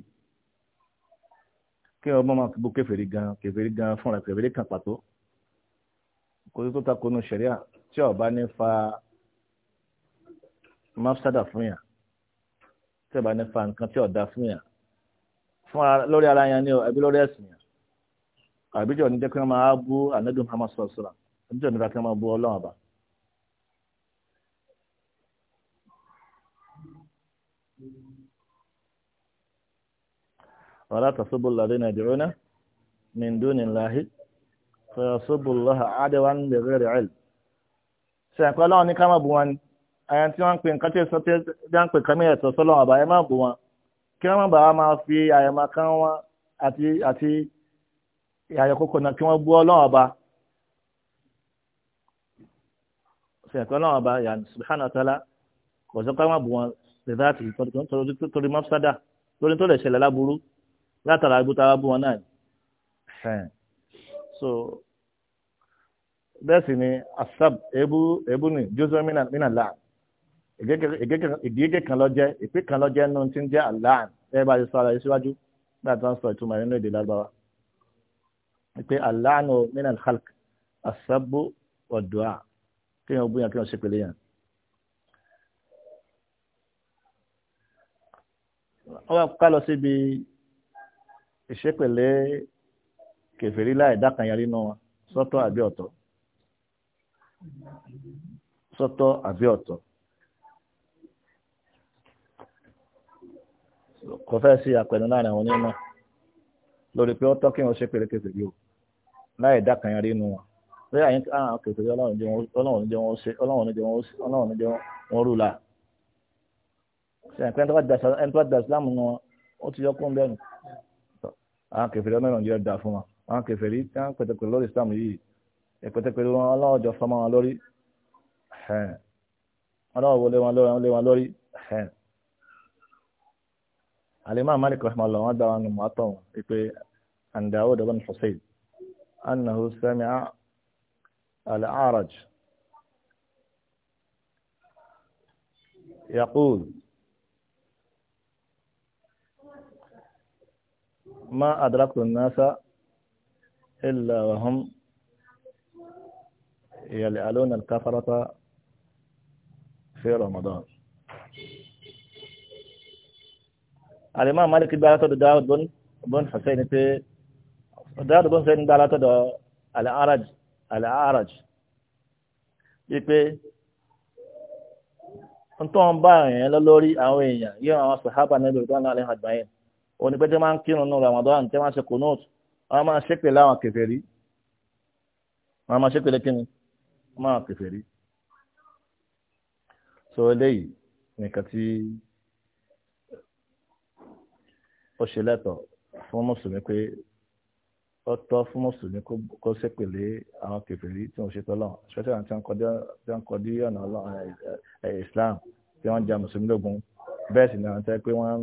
kí ọmọ máa fi bó kèfèrí gan kèfèrí gan fúnra kèfèrí kan pàtó kò tó ta kónú ṣẹ̀ríà tí ó bá ní fa mafsada fún yàn tí ó bá ní fa nǹkan tí ó dá fún yàn fúnra lórí ara yẹn ni ọ àbí lórí ẹ̀sìn yẹn àbíjọ ní jẹ́ kí wọ́n máa bú ànádùn hamas sọ̀rọ̀ àbíjọ ní kí wọ́n máa bú ọlọ́run àbá ولا تسبوا الذين يدعون من دون الله فيسبوا الله عدوا بغير علم sẹ̀kọ́ ọlọ́run ní ká má bú wọn ni àyàn tí wọ́n ń pè nǹkan tí èso tí wọ́n ń pè kán mìíràn tó sọ́lọ́run àbá ẹ má bú wọn kí wọ́n má bàa máa fi àyàmá kan wọn àti àti àyàkókò náà kí wọ́n bú ọlọ́run ọba sẹ̀kọ́ ọlọ́run ọba yàn subhanahu wa ta'ala kò sọ ká má bú wọn lè dá àtìkí torí mọ́sádà lórí tó lè ṣẹlẹ̀ láburú látara agbóta wa bú wọn náà so bẹ́ẹ̀ sì ni asab ebu ebu ni joseph mina mina la ìgégé kan lọ jẹ ìpín kan lọ jẹ nínú tí ń jẹ aláàn ẹ bá ti sọ ara yìí síwájú bí a ti sọ ìtumọ̀ nínú èdè lágbára pé aláàánú mina alhalk asabu ọdọa kéèyàn ó bóyá kéèyàn ṣe pèlè yẹn. wọ́n bá lọ síbi iṣẹ́ pẹ̀lẹ́ kẹfẹ́rí láì dákanyarí náà wa sọ́tọ̀ àbí ọ̀tọ̀ sọ́tọ̀ àbí ọ̀tọ̀ kò fẹ́ sí àpẹẹrẹ láàrin àwọn onímọ̀ lórí pé ó tọ́ kí wọ́n ṣe pẹ̀lẹ́ kẹfẹ́rí o láì dákanyarí nù wọn pé àyín àwọn kẹfẹ́rí ọlọ́run jẹ́ wọn ṣe ọlọ́run jẹ́ wọn rú la ṣe àpẹẹrẹ ẹni tó bá da ìsìlámù nù wọn ó ti yọ kó ń bẹ́ẹ̀ nù àwọn kẹfẹ́ lọ́nà nàìjíríà dà fún wa àwọn kẹfẹ́ rí táwọn pẹ̀tẹ̀pẹ̀lẹ̀ lórí islam yìí pẹ̀tẹ̀pẹ̀lẹ̀ wọn aláwọ̀jọ fọmọ wọn lórí aláwọ̀ lé wọn lórí wọn wọn lórí alimá malik rahmanulah wọn dá wọn nù wọn pé andawo dọ́gbọ́n ní hussein annahu sami'a al yaqul ما أدركت الناس إلا وهم يلعلون الكفرة في رمضان الإمام مالك دارته داود بن بن حسين في داود بن حسين دارته دا الأعرج الأعرج يبي أنتم باين لوري أوين يا أصحاب النبي صلى الله عليه وسلم òní pé tí wọ́n máa ń kírun nù Ramadan tí wọ́n máa ṣe kùnúùtù wọ́n máa ṣépè láwọn kèfèrí wọ́n máa ṣépè lẹ́kìnní wọ́n máa kèfèrí. sọ eléyìí nìkan tí ó ṣe lẹ́tọ̀ fún mùsùlùmí pé ó tọ́ fún mùsùlùmí kó ṣépè lé àwọn kèfèrí tí wọ́n ṣe tọ́lọ̀ ṣẹ́tẹ̀ àti àwọn kọ́dí ọ̀nà Islam tí wọ́n ja mùsùlùmí lógun bẹ́ẹ̀ sì ni àwọn tẹ́ pé wọ́n ń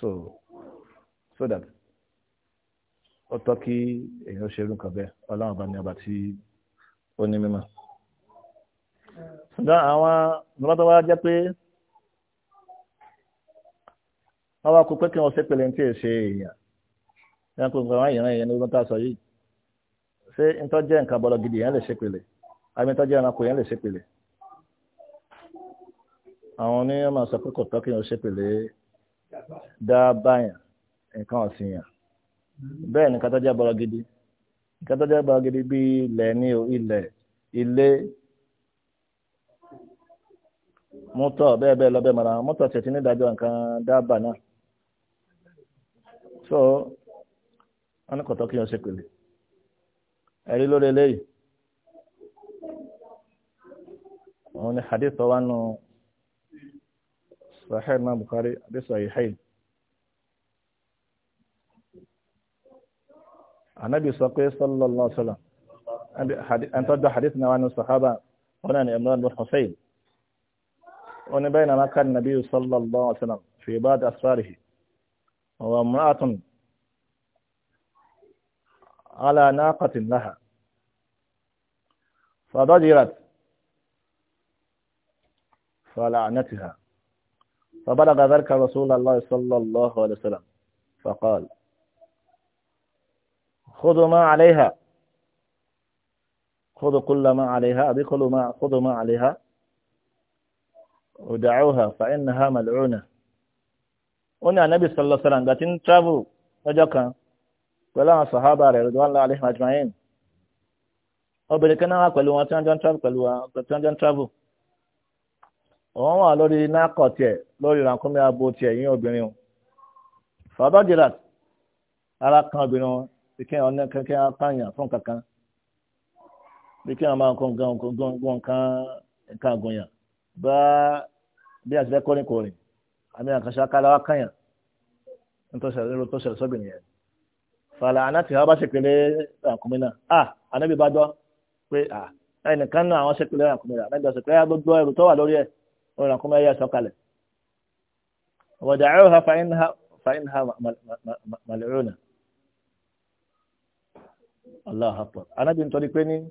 so so that ó tọ́ kí èèyàn ṣe irú nǹkan bẹ́ẹ̀ ọlọ́run bá ní ọba tí ó ní mímọ́. ṣùgbọ́n àwọn mọ́tò wa jẹ́ pé wọ́n wá kó pé kí wọ́n ṣe pèlè ní tí èsè èèyàn yẹn kó nǹkan wọ́n yìnrìn èèyàn ní ọdún tá sọ yìí ṣé ntọ́ jẹ́ nǹkan bọ́lọ̀ gidi yẹn lè ṣe pèlè àmì ntọ́ jẹ́ ẹranko yẹn lè ṣe pèlè àwọn oníyàn máa sọ pé kò tọ́ kí wọ́n ṣe pèlè dábàáyàn nǹkan ọ̀sìn yàn bẹ́ẹ̀ ni kátó jẹ́ bọ́rọ̀ gidi kátó jẹ́ bọ́rọ̀ gidi bí ilẹ̀ ní o ilẹ̀ ilé mọ́tò bẹ́ẹ̀ bẹ́ẹ̀ lọ́bẹ̀ mọ́ra mọ́tò ṣètì nídàájọ́ nǹkan dábàá náà so wọ́n ní kọ̀tọ́ kí wọ́n ṣe pèlè ẹ̀rí lórí eléyìí òun ni hadith tó nù. صحيح الإمام البخاري بصحيحين النبي صلى الله عليه وسلم أن ترجع حديثنا عن الصحابة هنا لإمران بن حسين وأن بينما كان النبي صلى الله عليه وسلم في بعض أسفاره وامرأة على ناقة لها فضجرت فلعنتها فبلغ ذلك رسول الله صلى الله عليه وسلم فقال خذوا ما عليها خذوا كل ما عليها ادخلوا ما خذوا ما عليها ودعوها فانها ملعونه هنا النبي صلى الله عليه وسلم قاتن تابو وجاكا ولا صحابه رضوان الله عليهم اجمعين obìnrin kan náà pẹ̀lú wọn tí wọ́n jọ ń travel pẹ̀lú wọn tí wọ́n lórí rànkúnmí abo ti ẹ̀yìn obìnrin o fàbájìlá ara kan obìnrin wọn bí kí ọ̀nà kankan apáyàn fún kankan bí kí wọn máa kó nǹkan gbọ́n nǹkan nǹkan àgùnyàn bá bí àti bẹ́ẹ̀ kọ́rin kọ́rin àmì àkànṣe akáláwá kàyàn nítorí tó ṣẹlẹ̀ sọ́bìnrin yẹn fàlà ànáti ha bá ṣe pèlè rànkúnmí náà ah ànábì bá gbọ́ pé ah ẹnìkan náà àwọn ṣe pèlè rànkúnmí náà ànábì ọ̀sẹ̀ pé gbogbo ẹrù tó wà lórí ẹ̀ òun ẹ̀yà sọ̀kalẹ̀ ودعوها فإنها فإنها ملعونة الله أكبر أنا بنت ركبني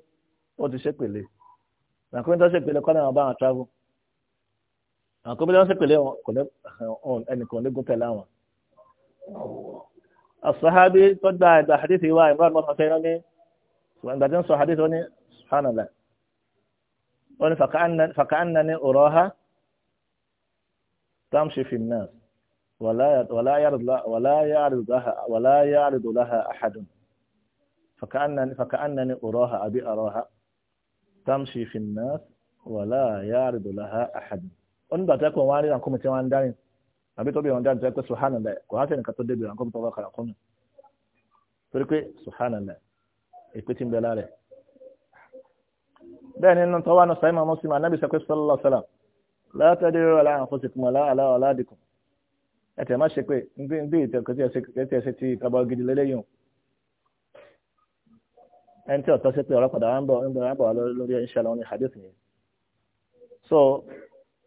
ودي شكل لي أنا كنت أشكل لك أنا أبغى أتابع أنا كنت أشكل لي أون أنا كنت أقول كلامه الصحابي قد بعد حديث رواية مرة مرة ثانية وأن بعدين صح حديث وني سبحان الله وني فكأن فكأنني أراها تمشي في الناس ولا يعرض ولا يعرض لها ولا يعرض لها أحد فكأنني فكأنني أراها أبي أراها تمشي في الناس ولا يعرض لها أحد أن بتاكو واري أنكم تيوان داري أبي توبي وان داري تاكو سبحان الله وهذا إنك تدبر أنكم تبغى كلامكم تقول سبحان الله إكتم بلاله بين أن طوانا سيما مسلم النبي صلى الله عليه وسلم لا تدعوا على أنفسكم ولا على أولادكم ẹ̀tẹ̀ má ṣe pé ń bí ìtẹ̀kọ́ tí ṣe ti gidi lélẹ́yìn ẹni tí ọ̀tọ́ sí pé ọ̀rọ̀ padà ń bọ̀ ń bọ̀ wá lórí inshallah ní hadith so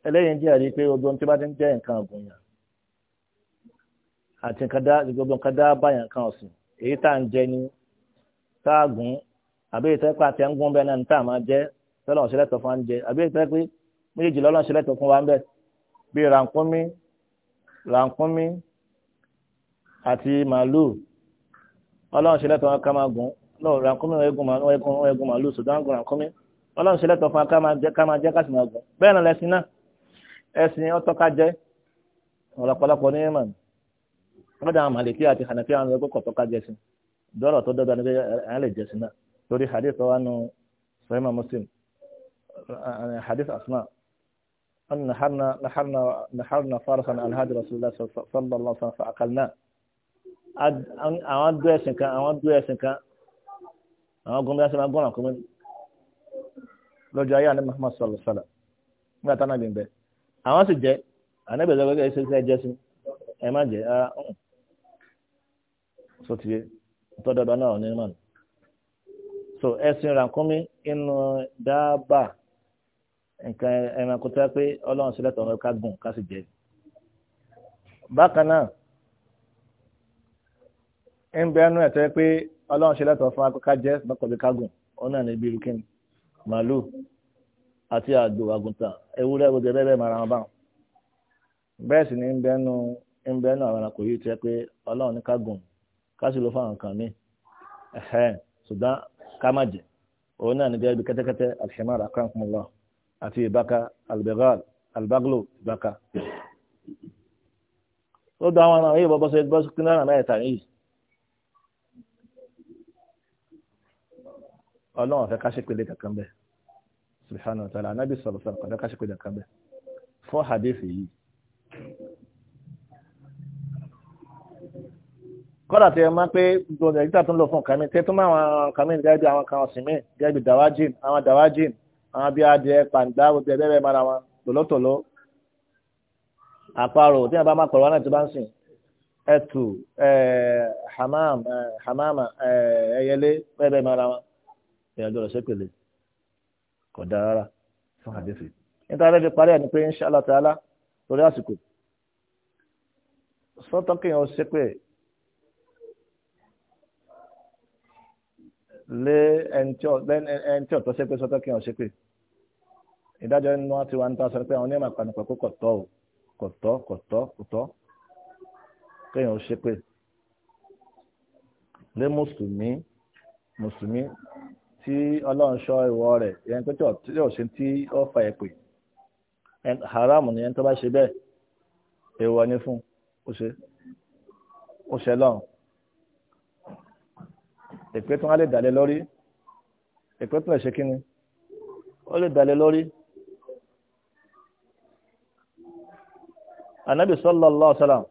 eléyìí ndị àrí pé gbogbo tí bá ti ń jẹ́ nǹkan ọ̀gùn yàn àti gbogbo nkada báyà nǹkan èyí tá à ń jẹ ní àbí àti ẹ̀ńgún bẹ́ẹ̀ náà ràǹkúnmí àti màálùú ọlọ́run ṣe lẹ́tọ̀ọ́ ká máa gùn lọ́wọ́ ràǹkúnmí wọ́n egun màálùú ṣùgbọ́n gùn ràǹkúnmí ọlọ́run ṣe lẹ́tọ̀ọ́ fún wa ká máa jẹ ká máa jẹ ká sì máa gùn bẹ́ẹ̀ náà lẹ́sìn náà ẹ̀sìn ọ̀tọ̀ ká jẹ ọ̀pọ̀lọpọ̀ ní yéman lọ́dọ̀ àwọn màlìkí àti hànàfí àwọn ẹgbẹ́ kọ̀ọ̀tọ̀ ká jẹ sí dọ́rọ̀ tó dọ́dọ̀ níbi àwọn lè jẹ hadith wa nu أن نحرنا نحرنا نحرنا فرسا عن هدي رسول الله صلى الله عليه وسلم فأقلناه àwọn dúró ẹ̀sìn kan àwọn dúró ẹ̀sìn kan àwọn gómìnà sí máa gbọ́nà kọ́mí lọ́jọ́ ayé àná Muhammad sallallahu alaihi wasallam nígbà táwọn àbí ń bẹ àwọn sì jẹ ànábẹ̀rẹ̀ lọ́wọ́ ẹ̀sìn sí ẹjẹ́ sí ẹ má jẹ ara ọ̀hún so tiye tọ́dọ̀dọ̀ náà ní mọ̀ so ẹ̀sìn ràkúnmí inú dábàá. nǹkan ẹranko tó yẹ pé ọlọ́run sílẹ̀ tó ń ká gùn ká sì jẹ. bákan náà ń bẹ ẹnu ẹ̀ yẹ pé ọlọ́run sílẹ̀ fún akọ́ká jẹ́ bákọ̀bí ká gùn ọ náà irú kíni màálù àti àgbò àgùntàn ewúrẹ́ mara wọn bẹ́ẹ̀ sì ni ń bẹ ẹnu ń bẹ ẹnu àwọn ẹranko yìí yẹ pé ọlọ́run ní ká gùn ká sì lọ fún àti ìbáka albegal albaglo ìbáka. ó dá àwọn àwọn ìbọn bọ́sẹ̀ bọ́sẹ̀ kí náírà náà ẹ̀ta yìí. ọlọ́run fẹ́ káṣẹ́ pélé kankan bẹ́ẹ̀ subhanahu wa ta'ala anabi sọ̀rọ̀ sọ̀rọ̀ kọ̀dọ̀ káṣẹ́ pélé kankan bẹ́ẹ̀ fún hadith yìí. kọ́dà tí ẹ máa pé gbogbo ẹ̀jíta tó ń lọ fún kàmí tẹ́tún máa àwọn kàmí gẹ́gẹ́ bí àwọn kan ọ̀sìn mí gẹ́gẹ́ bí dawajin àwọn dawajin àwọn bíi adìẹ pàǹdà gbogbo ẹ bẹ́ẹ̀ mara wọn tòlótòló àparò tí wọn bá máa pọ̀rọ̀ wọn náà ti bá ń sìn ẹtù hamam hamama ẹyẹlé bẹ́ẹ̀ bẹ́ẹ̀ mara wọn ìyàjọ rẹ̀ ṣépele kò dára rárá fún àdéfì níta rẹ̀ parí ẹ̀ pé insha Allah ta'ala torí àsìkò sọ́tọ́kìyàn ó ṣépè lé ẹni tí ọ̀tọ́ ṣépè sọ́tọ́kìyàn ó ṣépè ìdájọ́ nínú wọn ti wá níta sọ pé àwọn onímọ̀ àpanupọ̀ kó kọ̀tọ́ o kọ̀tọ́ kọ̀tọ́ kọ̀tọ́ kéèyàn ó ṣépè lé mùsùlùmí mùsùlùmí tí ọlọ́run ṣọ́ ìwọ rẹ̀ yẹn pé tí ò ṣe tí ó fa ẹ̀pè haram ni ẹni tó bá ṣe bẹ́ẹ̀ èèwọ̀ ni fún ó ṣe ó ṣe lọ́run èpè tó wá lè dàlẹ́ lórí èpè tó lè ṣe kíni ó lè dàlẹ́ lórí anabi sallallahu alaihi wasallam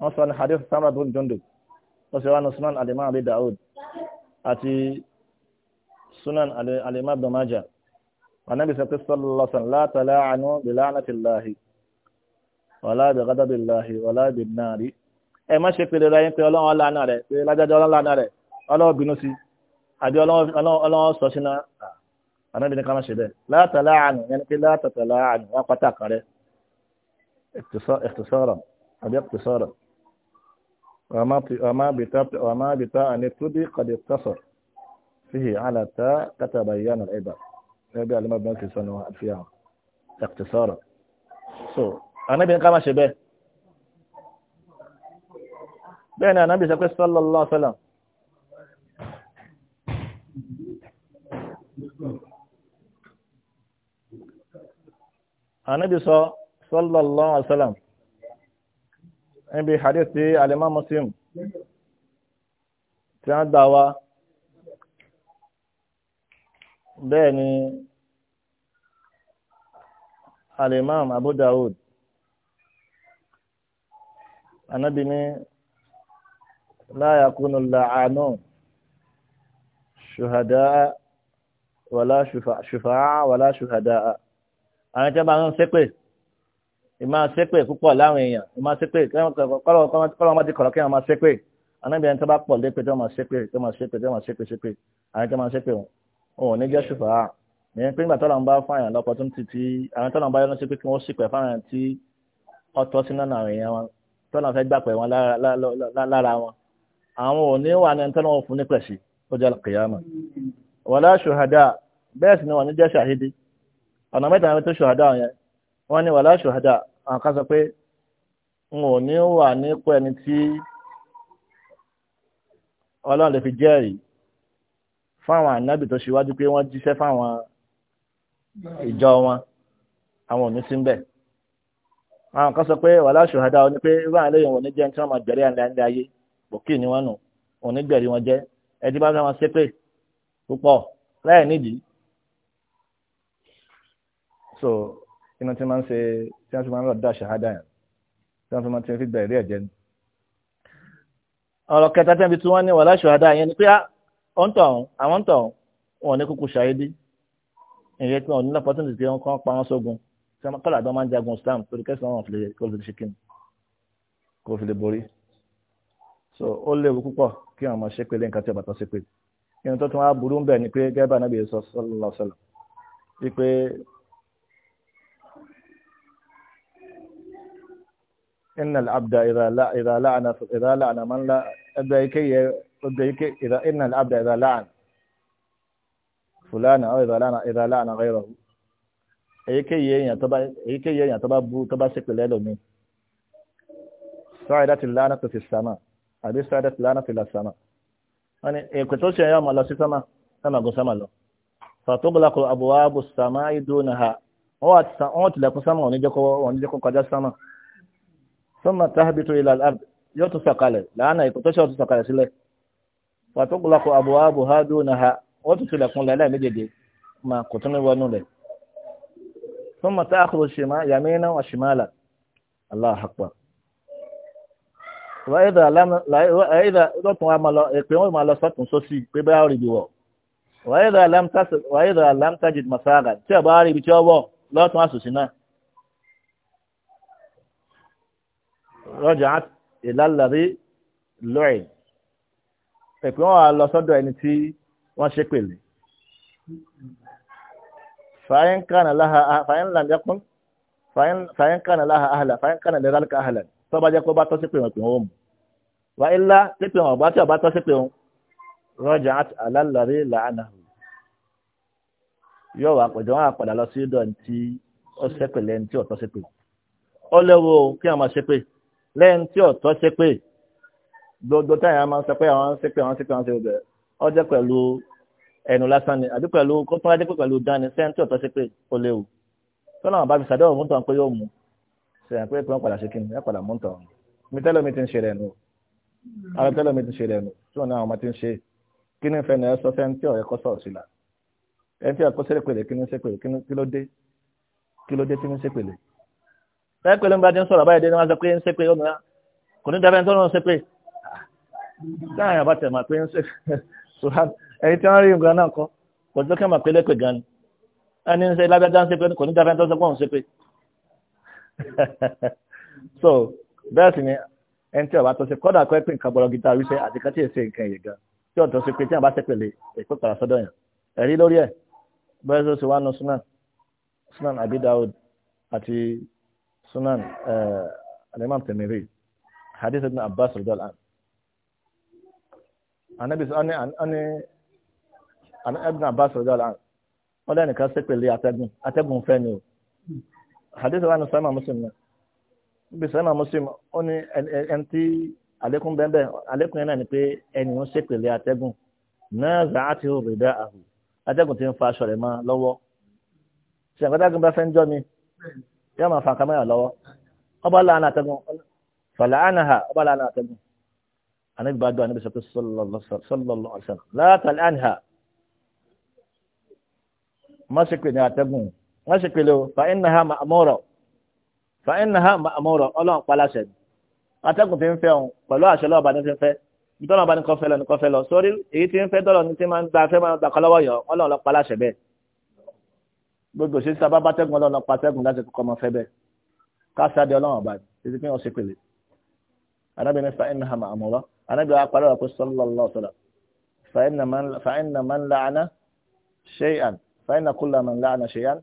wọ́n sọ ní hadith samra bin jundub wọ́n sọ wá ní sunan alimá abi daud àti sunan alimá ibn majah anabi sọ pé sallallahu alaihi wasallam la tala'anu bi la'natillahi wala bi ghadabillahi wala bin nari ẹ má ṣe pèlè ráyé pé ọlọ́run lánàá rẹ̀ pé lájájọ́ ọlọ́run lánàá rẹ̀ ọlọ́run bínú sí àbí ọlọ́run sọ sínú anábìnrin kan ṣe bẹ́ẹ̀ la tala'anu yẹn ni pé la tala'anu wọn pátá kan rẹ̀ اختصارا قد اختصارا وما وما بتاء وما بتاء نتبي قد اختصر فيه على تاء تتبين العبر نبي على مبنى الكسان فيها اختصارا سو أنا بين كما شبه بين النبي صلى الله عليه وسلم النبي صلى sallallahu alaihi wasallam níbi hadith tí alimá muslim tí wọ́n gbà wá bẹ́ẹ̀ ni alimam abu dawud anabi ni la yakunu la'anu ṣuhadaa wala ṣufa'a wala ṣuhadaa àwọn tẹ́ bá ń ṣépè ìmá sẹ́pẹ̀ púpọ̀ láwọn èèyàn ìmá sẹ́pẹ̀ kọ́lọ́ ọmọdé kọ̀ọ̀kan kí wọ́n máa sẹ́pẹ̀ anábìyàn tó bá pọ̀ lépè tó máa sẹ́pẹ̀ tó máa sẹ́pẹ̀ tó máa sẹ́pẹ̀ sẹ́pẹ̀ àwọn tó máa sẹ́pẹ̀ òun ní jẹ́ ṣùfà á ní pé nígbà tọ́lọ̀ ń bá fún àyàn lọ́pọ̀ tó ń ti ti àwọn tọ́lọ̀ ń bá yọ́nà sí pé kí wọ́n sìpẹ̀ fáwọn tí ọtọ́ sí náà àwọn èèyàn wọn tọ́lọ̀ fẹ́ gbàpẹ̀ wọn lára wọn àwọn ò ní wà ní tọ́lọ̀ wọn fún ní pẹ̀sì ó jẹ́ kìyàmà wọ́n lá ṣùhàdá tó ṣùhàdá yẹn wọ́n àwọn kan sọ pé n ò ní wà nípò ẹni tí ọlọ́run lè fi jẹ́rìí fáwọn ànábì tó ṣíwájú pé wọ́n jíṣẹ́ fáwọn ìjọ wọn àwọn ò ní sí bẹ́ẹ̀ àwọn kan sọ pé wàhálà ṣòhádà ọ ní pé irú àwọn eléyìí wọn ní tí wọ́n máa gbẹ̀rẹ̀ àńlá ńlá ayé bòkì ni wọ́n nù wọn ní gbẹ̀rẹ̀ wọn jẹ́ ẹdí bá wọn ṣépè púpọ̀ láì nídìí so iná tí máa ń ṣe tí wọ́n fi máa ń lọ dá ṣàhádà yẹn tí wọ́n fi máa ń fi gbà ẹ̀rí ẹ̀jẹ̀ ni. ọ̀rọ̀ kẹta tẹ́bi tí wọ́n ní wàhálà ṣàhádà yẹn ni pé ọ̀ǹtọ̀ ah, àwọn ọ̀ǹtọ̀ wọn ní kúkú ṣàyédí ìyẹn tí wọn ní lọ́pọ̀tún ti wọn kàn pa wọn sógun tí wọn kọ́lá àdán máa ń jagun Islam torí kẹsàn-án wọn kò fi ṣe kíni kò fi lè borí. so ó léwu púpọ̀ kí àwọn ọmọ ṣépele nǹkan tí ọ̀bàtàn ṣépele. ìyẹn tó tún wá burú ń bẹ̀ ni pé gẹ́gẹ́ إن العبد إذا لا إذا لعن إذا لعن من لا أبديكي أبديكي إذا إن العبد إذا لعن فلان أو إذا لعن إذا لعن غيره أيكي يين يعني تبا أيكي يين يعني تبا بو تبا سكلي لومي سعدت اللعنة في السماء أبي سعدت اللعنة في السماء أني يعني إكتوش إيه، يا ما لا سما أنا أقول سما له فتغلق أبواب السماء دونها أوت أوت لا كسما ونجكو ونجكو قدر السماء ثم تهبط إلى الأرض يتسقل لأن يكتشف تسقل سلك وتغلق أبوابها دونها وتسلك لا مجد ما كتن ونول ثم تأخذ الشمال يمينا وشمالا الله أكبر وإذا لم وإذا لطوا ما لا يقيمون ما لا ساتون سوسي ببعض بيو وإذا لم تس وإذا لم تجد مساغا تباري بتشوفه لا تنسوا raja'at ila alladhi lu'in pẹ̀pẹ́ wọn wà lọ sọ́dọ̀ ẹni tí wọ́n ṣe pèlè fàyín kànà láha ahàlà fàyín kànà lẹ́rálìkà ahàlà tó bá jẹ́ kó bá tọ́ sí pé wọn pè wọ́n mú wà ilá tí yóò wà pẹ̀jọ́ wọn àpàdà lọ sí ìdọ̀ tí ó ṣépè tí ò tọ́ ó léwu kí wọn máa ṣépè lẹ́yìn tí ọ̀tọ́ ṣe pé gbogbo táyà máa ń sọ pé àwọn ń ṣe pé àwọn ń ṣe pé àwọn ń ṣe bẹ̀rẹ̀ ọ jẹ́ pẹ̀lú ẹnu lásán ni àbí pẹ̀lú kó tún adé pé pẹ̀lú dání sẹ́yìn tí ọ̀tọ́ ṣe pé ó léwu tọ́lá àwọn bá fi sàdéhùn mú tàn pé yóò mú sẹ́yìn pé pé wọ́n padà ṣe kí ni ẹ padà mú tàn mi tẹ́lẹ̀ mi ti ń ṣe rẹ̀ nù àwọn tẹ́lẹ̀ mi ti ń ṣe rẹ̀ nù tí wọ́n ní àwọn ọmọ ti ń ṣe kí ni fẹ́ ni ẹ sọ sẹ́yìn tí ọ̀yẹ́ kọ́ sọ̀rọ̀ sí la ẹ tí ọ̀kọ́ sẹ́rẹ̀ pèlè kí ni ṣe kí ló dé kí ló dé tí ni ṣe bẹ́ẹ̀ pẹ̀lú bá ti ń sọ̀rọ̀ báyìí dénú wá sọ pé ń ṣépè ó nira kò ní dábẹ́ ń tọ́nà ń ṣépè dáhùn àbá tẹ̀ mà pé ń ṣépè ẹni tí wọ́n rí nǹkan náà kọ́ kò tó kẹ́ pé lẹ́pẹ̀ gan ni ẹni ń ṣe lágbájá ń ṣépè kò ní dábẹ́ ń tọ́sọ́ pọ̀ ń ṣépè so bẹ́ẹ̀ sì ni ẹni tí ọba tó ṣe kọ́dà kọ́ pé nǹkan bọ̀rọ̀ gita wíṣẹ́ àti kẹ́tì èsè nǹkan ẹ̀yẹ gan tí ọ̀tọ̀ ṣe pé tí àbá Abi Dawud àti sunan eh, al-imam tirmidhi hadith ibn abbas radhiyallahu anhu anabi ani ani ani ibn abbas radhiyallahu anhu wọ́n lẹ́nu kan ṣe pẹ̀lú atẹ́gùn atẹ́gùn fẹ́ ni o hadith wa ni sọ́mà muslim náà níbi sọ́mà muslim ó ní ẹni tí alẹ́kùn bẹ́ẹ̀ alẹ́kùn yẹn náà ni pé ẹni ń ṣe pẹ̀lú atẹ́gùn náà zaati ó rèé dá àhù atẹ́gùn ti ń fa aṣọ rẹ̀ mọ́ lọ́wọ́ ṣe àgbàdàgùn bá fẹ́ ń jọ ni yóò máa fa nǹkan mẹ́rin lọ́wọ́ ọba làánà àtẹ̀gùn fàlàánà ha ọba làánà àtẹ̀gùn anabi bá dùn anabi sọ pé sallallahu alaihi wasallam látàlẹ́ àná ha má ṣe pè ní àtẹ̀gùn má ṣe pè lé o fa iná ha máa mọ̀rọ̀ fa iná ha máa mọ̀rọ̀ ọlọ́run paláṣẹ àtẹ̀gùn ti ń fẹ́ òun pẹ̀lú àṣẹ lọ́ọ̀bà ní ti ń fẹ́ ìtọ́nà ọba ní kọfẹ́ lọ ní kọfẹ́ lọ sórí èyí ti ń fẹ́ dọ́lọ̀ ní ti máa ń gba fẹ́ máa ń gbà kọ́lọ́wọ́ yọ ọlọ́run lọ paláṣẹ bẹ́ẹ̀ gbogbo ṣe sábà bá tẹ́gùn ọlọ́run pàtẹ́gùn láti kọ́kọ́ ọmọ fẹ́ bẹ́ẹ̀ káṣáde ọlọ́run ọba títí pé wọ́n ṣe pèlè anábì ní fa'in hama àmúrọ́ anábì wa parí ọ̀pẹ sọ́lọ́lọ́ sọ́lá fa'in na man la'ana shay'an fa'in na kula man la'ana shay'an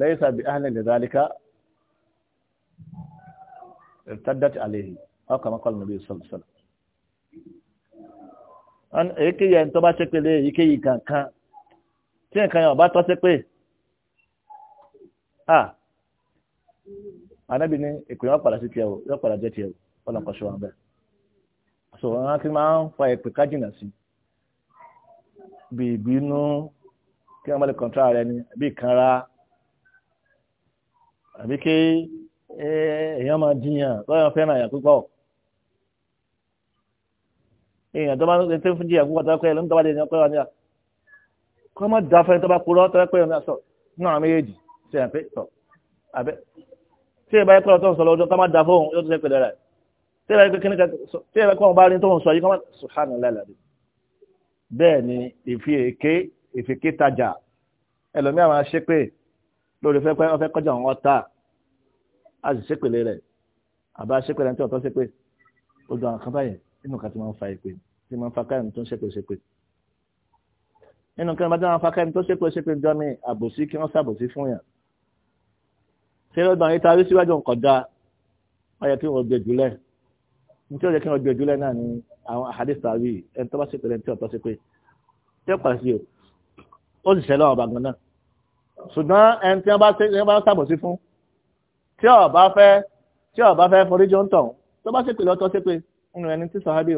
laysa bi ahli li dhalika irtaddat alayhi aw kama qala nabi sallallahu alaihi tí nǹkan yẹn ọba tọ́ sí pé ah anábì ní èkó yẹn wọ́n padà sí tiẹ̀ o yọ́n padà jẹ́ tiẹ̀ o ọlọ́kọ̀ ṣọ́ wọn bẹ́ẹ̀ so wọn kí máa ń fa èpè kájìnà sí bí ìbínú kí wọ́n bá lè kọ̀ǹtà rẹ ni bí ìkanra àbí kí èèyàn máa jiyàn lọ́yọ̀ fẹ́ràn àyà púpọ̀ èèyàn tó bá ń tẹ́ fún jìyà púpọ̀ tó kọ́ ẹ̀ ló ń tọ́ bá lè ní ọpẹ́ wa ní à kọ́ mọ́ da fẹ́ni tó bá kúrọ́ tó pé ọ̀nà sọ náà méjèèjì ṣe é pé tọ̀ abẹ́ tí ìbá yẹ kọ́ tó ń sọ lọ́jọ́ kọ́ mọ́ da fóun yóò tó ṣe pé dára tí ìbá yẹ kọ́ tí ìbá yẹ kọ́ bá rí tó ń sọ yìí kọ́ mọ́ sùhánù lálàdé bẹ́ẹ̀ ni ìfi èké ìfikí tajà ẹlòmíà máa ṣe pé lórí fẹ́ pẹ́ ọfẹ́ nínú kí wọ́n bá dá wọn fákẹ́ni tó ṣépè ṣépè jọ ní àbòsí kí wọ́n ṣàbòsí fún yàn ṣé lọ́dọ̀ àwọn ìta rí síwájú nǹkan dá wọ́n yẹ kí wọ́n gbé jùlẹ̀ nítorí wọ́n yẹ kí wọ́n gbé jùlẹ̀ náà ní àwọn àhádìsí àrí ẹni tó bá ṣépè lẹ́ni tí ọ̀tọ́ ṣépè tí ó pàṣẹ o ó sì ṣẹlẹ̀ ọ̀bà gan náà ṣùgbọ́n ẹni tí wọ́n bá ṣàbòsí fún tí ó bá fẹ́ tí ó bá fẹ́ foríjì ń tàn tó bá ṣépè lọ́tọ́ ṣépè nínú ẹni tí sàhábì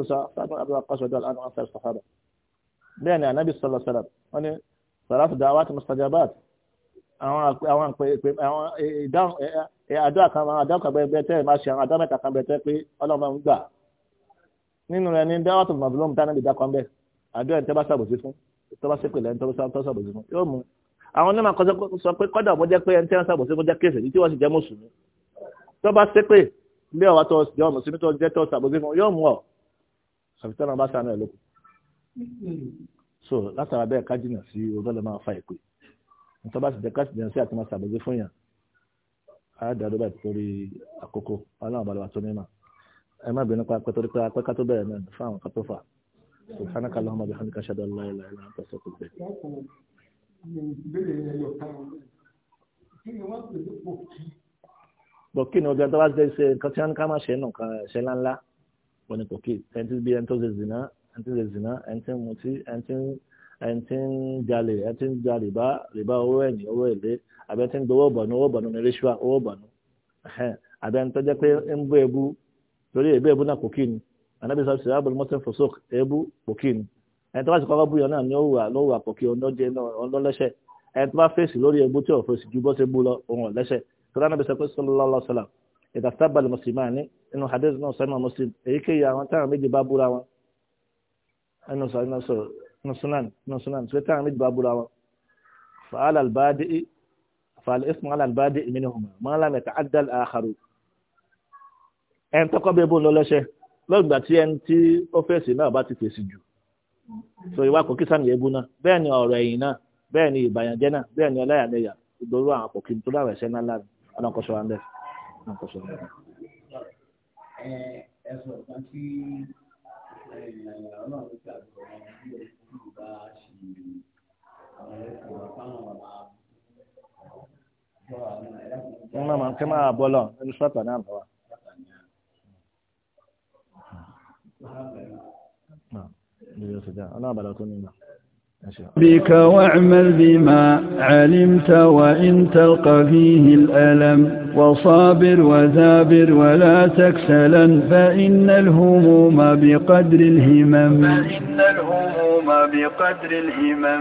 bẹ́ẹ̀ ni ànábì sọ̀rọ̀ sọ̀rọ̀ wọ́n ní sàràfù dàwà tó mustajabat àwọn àwọn pé àwọn ìdáhùn àdúrà kan àwọn àdáhùn kan bẹ́ẹ̀ tẹ́ ẹ̀ máa ṣe àwọn àdáhùn mẹ́ta kan bẹ́ẹ̀ tẹ́ pé ọlọ́run máa ń gbà nínú rẹ̀ ní dáwà tó mazlum dáná lè dákan bẹ́ẹ̀ àdúrà tẹ́ bá ṣàbòsí fún tọ́ bá ṣépè lẹ́yìn tọ́ ṣàbòsí fún yóò mú àwọn onímọ̀ kan sọ pé kọ́dà mo jẹ́ pé ẹni tí wọ́n fún jẹ́ kéèsì tí wọ́n sì jẹ́ mùsùlùmí tọ́ bá ṣépè lé ọ̀wá tó jẹ́ mùsùlùmí jẹ́ tó ṣàbòsí fún yóò mú ọ̀ àfitọ́nà bá so látara bẹ́ẹ̀ ká jìnnà sí ọgọ́lẹ̀ máa fa ìpè nítorí bá ti jẹ́ ká jìnnà sí àti máa ṣàbẹ̀jẹ́ fún yàn àádọ́dọ́ bá ti torí àkókò aláwọ̀ balùwà tó nímà ẹ má bínú pa pẹ́ torí pé apẹ́ ká tó bẹ̀rẹ̀ náà fún àwọn kan tó fà subhanaka allahumma bihamdika ashhadu an la ilaha illa anta astaghfiruka wa atubu ilayk bọ̀ kí ni ọjọ́ tó bá ṣe nǹkan tí wọ́n ká máa ṣe nù kan ṣe ńláńlá wọn ni kò kí ẹni tó bí ẹni tí ń zina ẹni tí ń mutí ẹni tí ń ẹni tí ń jalè ẹni tí ń ja rìbá rìbá owó ẹ̀yìn owó èlé àbí ẹni tí ń gbowó bọ̀nú owó bọ̀nú ní ríṣùà owó bọ̀nú àbí ẹni tó jẹ́ pé ń bú ebu torí èbú ebu náà kò kí ni ànábi sọ sìrá bọ̀lú mọ́tò fòsók ebu kò kí ni ẹni tó bá ti kọ́kọ́ búyọ náà ni ó wà ló wà pọ̀ kí ẹni tó bá fèsì lórí ebu tí ò fèsì ju bó ṣe bú lọ òun ọ̀lẹ́sẹ̀ tó dáná bí sẹ́kọ́ sallallahu alaihi ìdàtàbàlì mùsùlùmáà ní inú hadith náà sẹ́nu mùsùlùm èyíkéyìí àwọn táwọn méjì bá búra wọn ẹnu sọ ẹnu sọ ẹnu sunan ẹnu sunan sọ táwọn méjì bá búra wọn fàálà albáde fàálà ismu ala albáde ìmínú hùmà máa lámẹ ta adal àhàrù ẹn tọkọ bẹ bó ń lọ lẹsẹ lọgbà tí ẹn tí ó fèsì náà bá ti fèsì jù sọ kan tí Mama kama bolo ni sota na bawa. Na. Ni yo sada. Ana bala ko ni na. بك واعمل بما علمت وإن تلقى فيه الألم وصابر وذابر ولا تكسلا فإن الهموم بقدر الهمم فإن الهموم بقدر الهمم